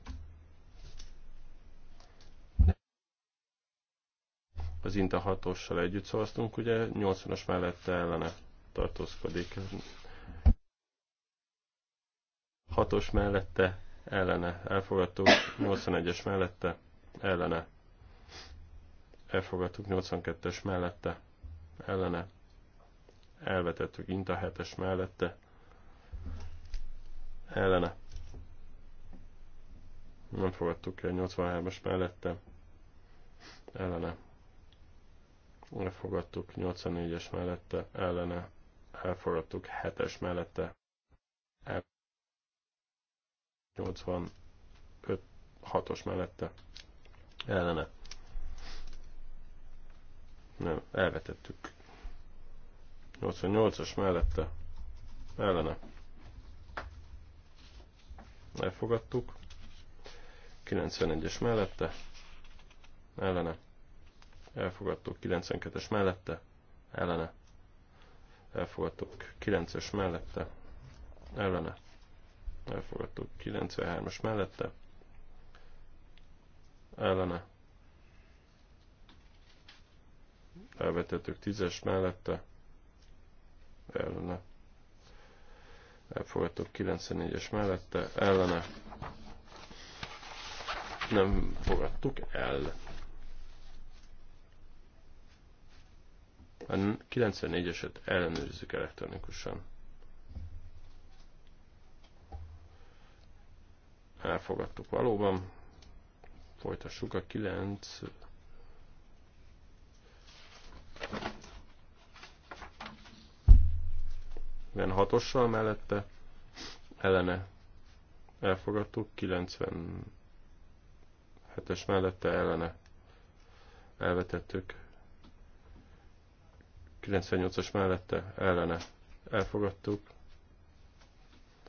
Az Inta 6 együtt szavaztunk, ugye 80-as mellette ellene tartózkodik. 6-os mellette ellene elfogadtuk, 81-es mellette ellene elfogadtuk, 82-es mellette ellene elvetettük, Inta 7-es mellette ellene nem fogadtuk el 83-as mellette, ellene, elfogadtuk 84-es mellette, ellene, elfogadtuk 7-es mellette, 85-6-os mellette, ellene. Nem, elvetettük. 88-as mellette, ellene. Elfogadtuk. 91-es mellette, ellene, elfogadtuk 92-es mellette, ellene, elfogadtuk 9-es mellette, ellene, elfogadtuk 93-as mellette, ellene, elvetettük 10-es mellette, ellene, elfogadtuk 94-es mellette, ellene, nem fogadtuk el. A 94-eset ellenőrizzük elektronikusan. Elfogadtuk valóban. Folytassuk a 9... Igen, 6-ossal mellette ellene elfogadtuk, 90 hetes mellette ellene elvetettük. 98-as mellette ellene elfogadtuk.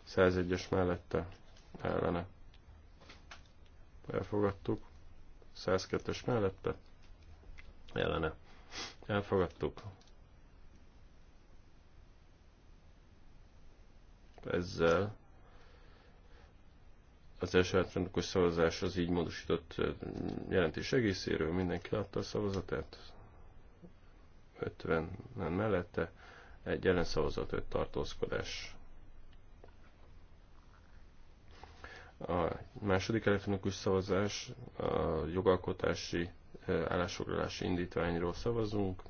101-es mellette ellene elfogadtuk. 102-es mellette ellene elfogadtuk. Ezzel az első elektronikus szavazás az így módosított jelentés egészéről. Mindenki látta a szavazatát? 50 nem mellette. Egy jelen szavazat 5 tartózkodás. A második elektronikus szavazás a jogalkotási állásfoglalási indítványról szavazunk.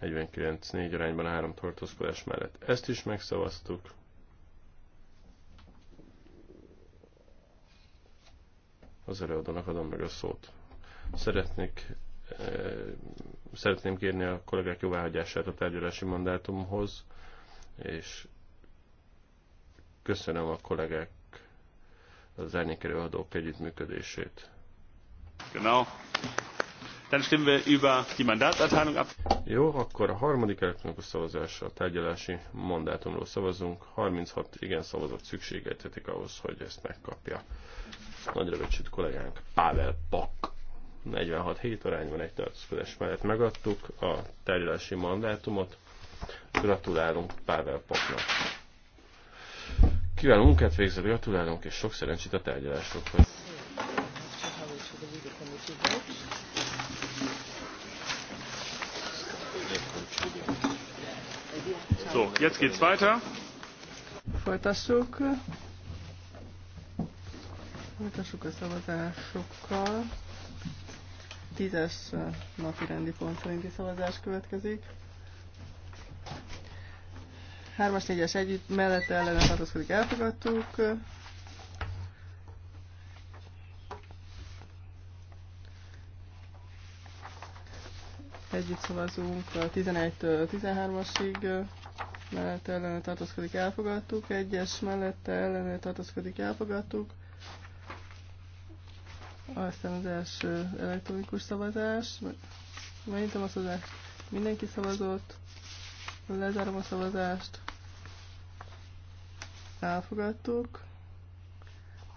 49-4 arányban három tartózkodás mellett ezt is megszavaztuk. az előadónak adom meg a szót. Szeretnék eh, szeretném kérni a kollégák jóváhagyását a tárgyalási mandátumhoz, és köszönöm a kollégák az előadók együttműködését. Genau. Dann stimmen wir über die Mandatserteilung ab. Jó, akkor a harmadik elektronikus szavazásra, a tárgyalási mandátumról szavazunk. 36 igen szavazat szükségeltetik ahhoz, hogy ezt megkapja nagyra becsült kollégánk Pável Pak 46 hét arányban egy tartózkodás mellett megadtuk a tárgyalási mandátumot. Gratulálunk Pável Paknak. Kiváló munkát végzel, gratulálunk, és sok szerencsét a tárgyalásokhoz. So, jetzt geht's weiter. Folytassuk. Folytassuk a szavazásokkal. Tízes napi rendi pont szerinti szavazás következik. hármas-négyes együtt, mellette ellene tartozkodik, elfogadtuk. Együtt szavazunk a 11-től 13-asig, mellette ellene tartozkodik, elfogadtuk. egyes mellette ellene tartozkodik, elfogadtuk. Aztán az első elektronikus szavazás. Megnyitom a szavazást. Mindenki szavazott. Lezárom a szavazást. Elfogadtuk.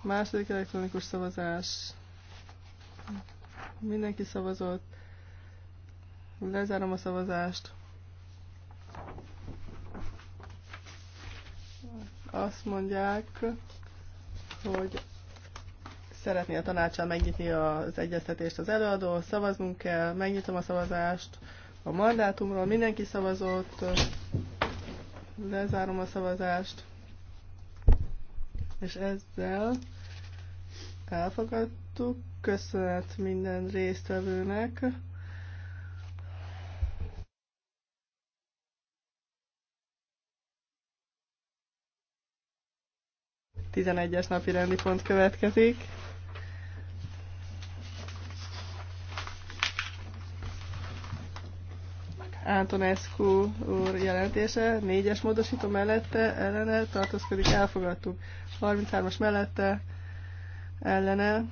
Második elektronikus szavazás. Mindenki szavazott. Lezárom a szavazást. Azt mondják, hogy szeretné a tanácsal megnyitni az egyeztetést az előadó, szavaznunk kell, megnyitom a szavazást a mandátumról, mindenki szavazott, lezárom a szavazást, és ezzel elfogadtuk. Köszönet minden résztvevőnek. Tizenegyes napi rendi pont következik. Antonescu úr jelentése, négyes módosító mellette, ellene, tartózkodik, elfogadtuk. 33-as mellette, ellene,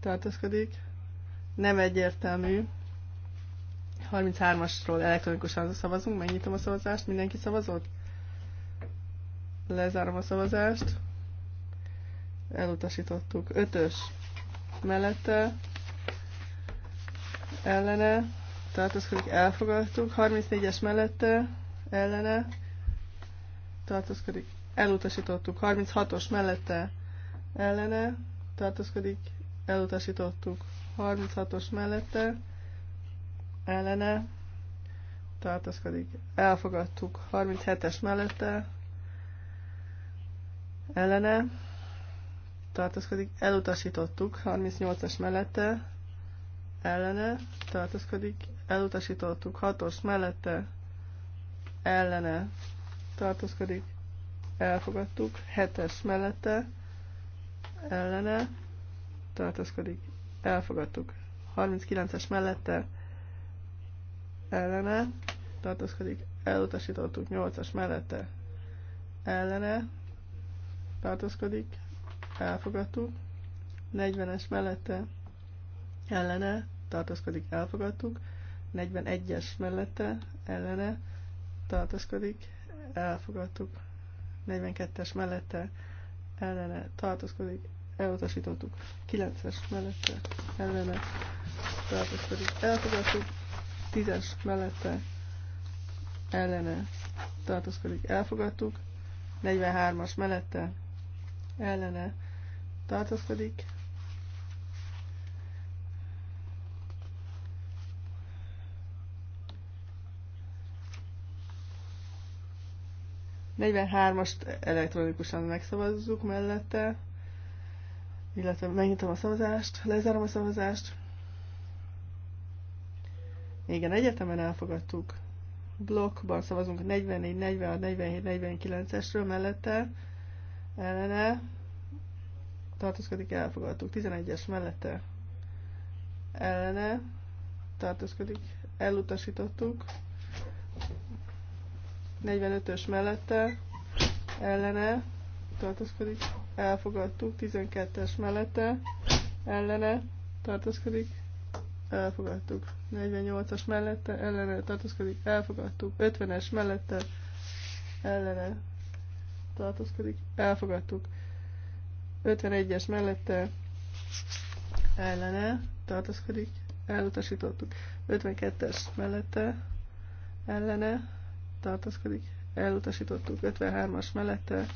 tartózkodik, nem egyértelmű. 33-asról elektronikusan szavazunk, megnyitom a szavazást, mindenki szavazott? Lezárom a szavazást. Elutasítottuk. Ötös mellette, ellene, tartózkodik, elfogadtuk. 34-es mellette, ellene, tartózkodik, elutasítottuk. 36-os mellette, ellene, tartózkodik, elutasítottuk. 36-os mellette, ellene, tartózkodik, elfogadtuk. 37-es mellette, ellene, tartózkodik, elutasítottuk. 38-as mellette, ellene tartózkodik, elutasítottuk. Hatos mellette ellene tartózkodik, elfogadtuk. Hetes mellette ellene tartózkodik, elfogadtuk. 39-es mellette ellene tartózkodik, elutasítottuk. 8-as mellette ellene tartózkodik, elfogadtuk. 40-es mellette ellene tartózkodik, elfogadtuk. 41-es mellette ellene tartózkodik, elfogadtuk. 42-es mellette ellene tartózkodik, elutasítottuk. 9-es mellette ellene tartózkodik, elfogadtuk. 10-es mellette ellene tartózkodik, elfogadtuk. 43-as mellette ellene tartózkodik, 43-ast elektronikusan megszavazzuk mellette, illetve megnyitom a szavazást, lezárom a szavazást. Igen, egyetemen elfogadtuk. Blokkban szavazunk 44, 46, 47, 49-esről mellette, ellene, tartózkodik, elfogadtuk. 11-es mellette, ellene, tartózkodik, elutasítottuk. 45-ös mellette ellene tartózkodik, elfogadtuk. 12-es mellette ellene tartózkodik, elfogadtuk. 48-as mellette ellene tartózkodik, elfogadtuk. 50-es mellette ellene tartózkodik, elfogadtuk. 51-es mellette ellene tartózkodik, elutasítottuk. 52-es mellette ellene tartózkodik, elutasítottuk. 53-as mellette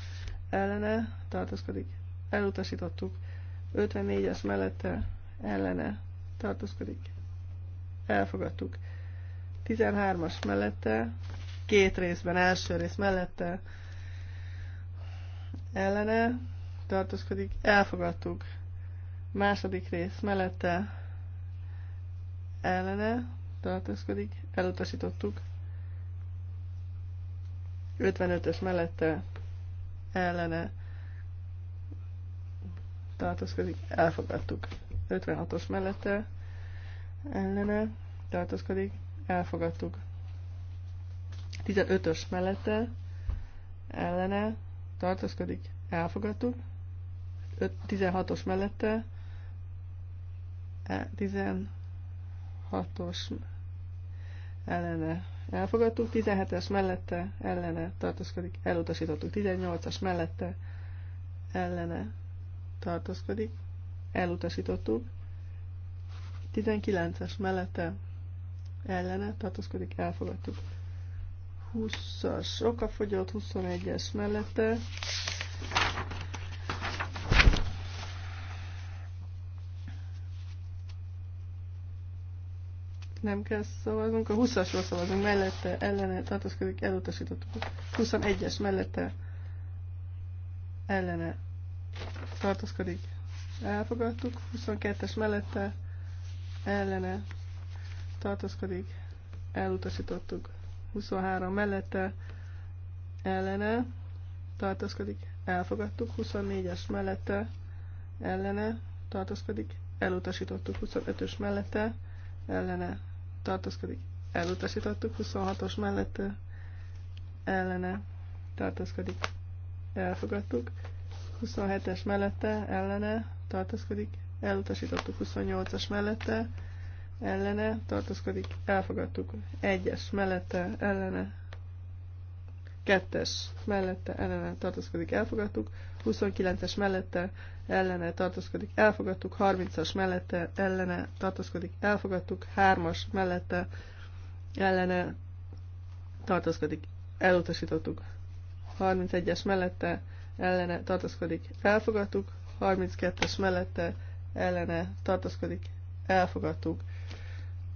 ellene tartózkodik, elutasítottuk. 54-es mellette ellene tartózkodik, elfogadtuk. 13-as mellette, két részben, első rész mellette ellene tartózkodik, elfogadtuk. Második rész mellette ellene tartózkodik, elutasítottuk. 55-ös mellette ellene tartozkodik, elfogadtuk. 56-os mellette ellene tartozkodik, elfogadtuk. 15-ös mellette ellene tartozkodik, elfogadtuk. 16-os mellette 16-os e, ellene elfogadtuk, 17-es mellette ellene tartózkodik, elutasítottuk, 18-as mellette ellene tartózkodik, elutasítottuk, 19-es mellette ellene tartózkodik, elfogadtuk. 20-as okafogyott, 21-es mellette nem kell szavaznunk. A 20-asról szavazunk mellette, ellene tartozkodik, elutasítottuk. 21-es mellette, ellene tartozkodik, elfogadtuk. 22-es mellette, ellene tartozkodik, elutasítottuk. 23 mellette, ellene tartozkodik, elfogadtuk. 24-es mellette, ellene tartozkodik, elutasítottuk. 25-ös mellette, ellene tartózkodik, elutasítottuk, 26-os mellett ellene tartózkodik, elfogadtuk, 27-es mellette ellene tartózkodik, elutasítottuk, 28-as mellette ellene tartózkodik, elfogadtuk, 1-es mellette ellene 2-es mellette ellene tartózkodik, elfogadtuk. 29-es mellette ellene tartózkodik, elfogadtuk. 30-as mellette ellene tartózkodik, elfogadtuk. 3-as mellette ellene tartózkodik, elutasítottuk. 31-es mellette ellene tartózkodik, elfogadtuk. 32-es mellette ellene tartózkodik, elfogadtuk.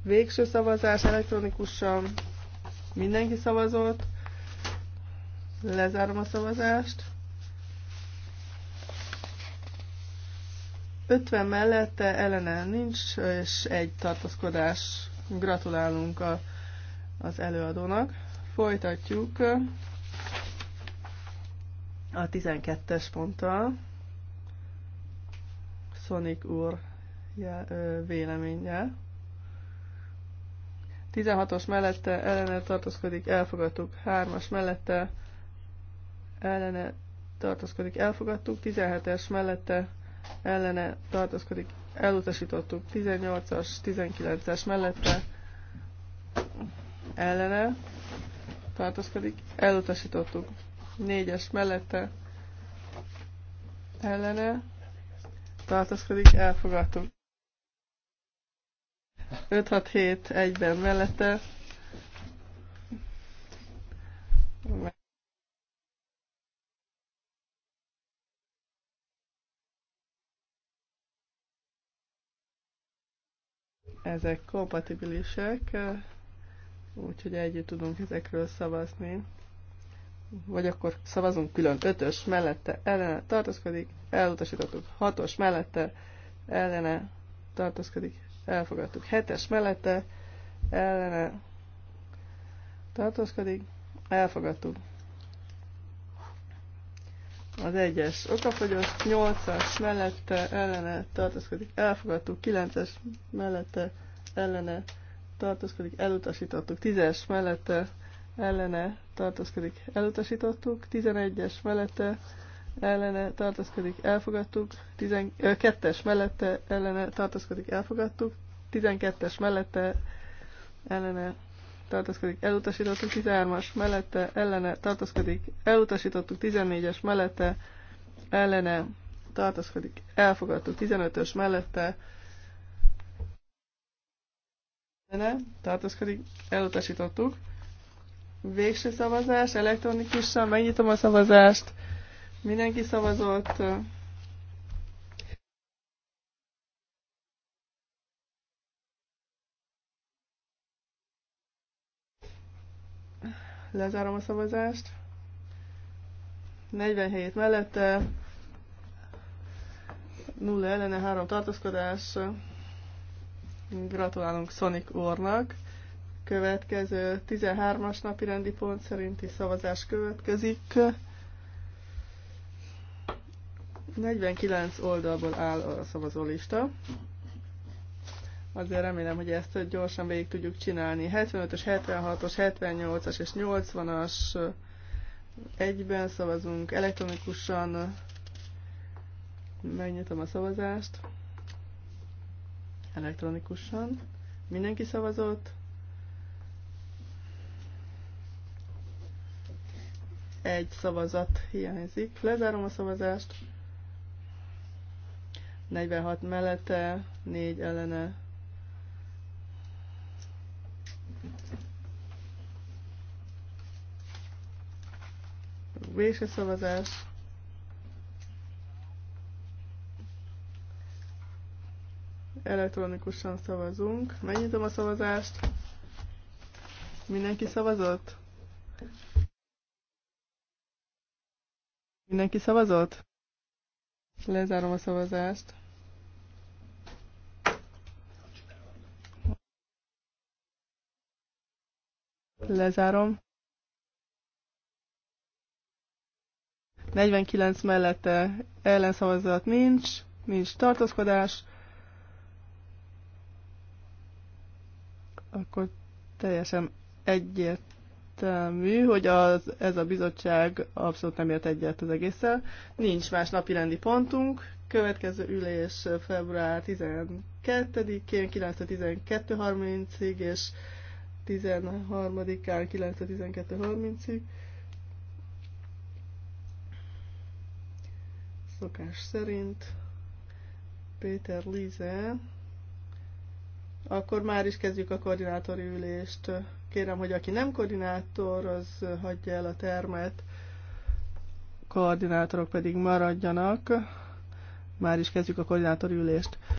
Végső szavazás elektronikusan mindenki szavazott. Lezárom a szavazást. 50 mellette ellene nincs, és egy tartozkodás. Gratulálunk a, az előadónak. Folytatjuk a 12-es ponttal. Sonic úr véleménye. 16-os mellette ellene tartozkodik, elfogadtuk. 3-as mellette ellene tartózkodik, elfogadtuk, 17-es mellette ellene tartózkodik, elutasítottuk, 18-as, 19-es mellette ellene tartózkodik, elutasítottuk, 4-es mellette ellene tartózkodik, elfogadtuk. 5-6-7 egyben mellette ezek kompatibilisek, úgyhogy együtt tudunk ezekről szavazni. Vagy akkor szavazunk külön 5-ös mellette ellene tartozkodik, elutasítottuk 6-os mellette ellene tartozkodik, elfogadtuk 7-es mellette ellene tartozkodik, elfogadtuk az egyes okafogyaszt, 8-as mellette ellene tartózkodik, elfogadtuk, 9-es mellette ellene tartózkodik, elutasítottuk, 10-es mellette ellene tartózkodik, elutasítottuk, 11-es mellette ellene tartózkodik, elfogadtuk, 12-es mellette ellene tartózkodik, elfogadtuk, 12-es mellette ellene tartózkodik, elutasítottuk 13-as mellette, ellene tartózkodik, elutasítottuk 14-es mellette, ellene tartózkodik, elfogadtuk 15-ös mellette, ellene tartózkodik, elutasítottuk. Végső szavazás, elektronikusan megnyitom a szavazást, mindenki szavazott, Lezárom a szavazást. 47 mellette, 0 ellene, 3 tartózkodás. Gratulálunk Sonic Ornak. Következő 13-as napi rendi pont szerinti szavazás következik. 49 oldalból áll a szavazólista. Azért remélem, hogy ezt gyorsan végig tudjuk csinálni. 75-ös, 76-os, 78-as és 80-as egyben szavazunk elektronikusan. Megnyitom a szavazást. Elektronikusan. Mindenki szavazott. Egy szavazat hiányzik. Lezárom a szavazást. 46 mellette, 4 ellene Végső szavazás. Elektronikusan szavazunk. Megnyitom a szavazást. Mindenki szavazott? Mindenki szavazott? Lezárom a szavazást. Lezárom. 49 mellette ellenszavazat nincs, nincs tartózkodás, akkor teljesen egyértelmű, hogy az, ez a bizottság abszolút nem ért egyet az egésszel. Nincs más napi rendi pontunk. Következő ülés február 12-én 9-12.30-ig és 13-án 9-12.30-ig. szokás szerint Péter Lize. Akkor már is kezdjük a koordinátori ülést. Kérem, hogy aki nem koordinátor, az hagyja el a termet. Koordinátorok pedig maradjanak. Már is kezdjük a koordinátori ülést.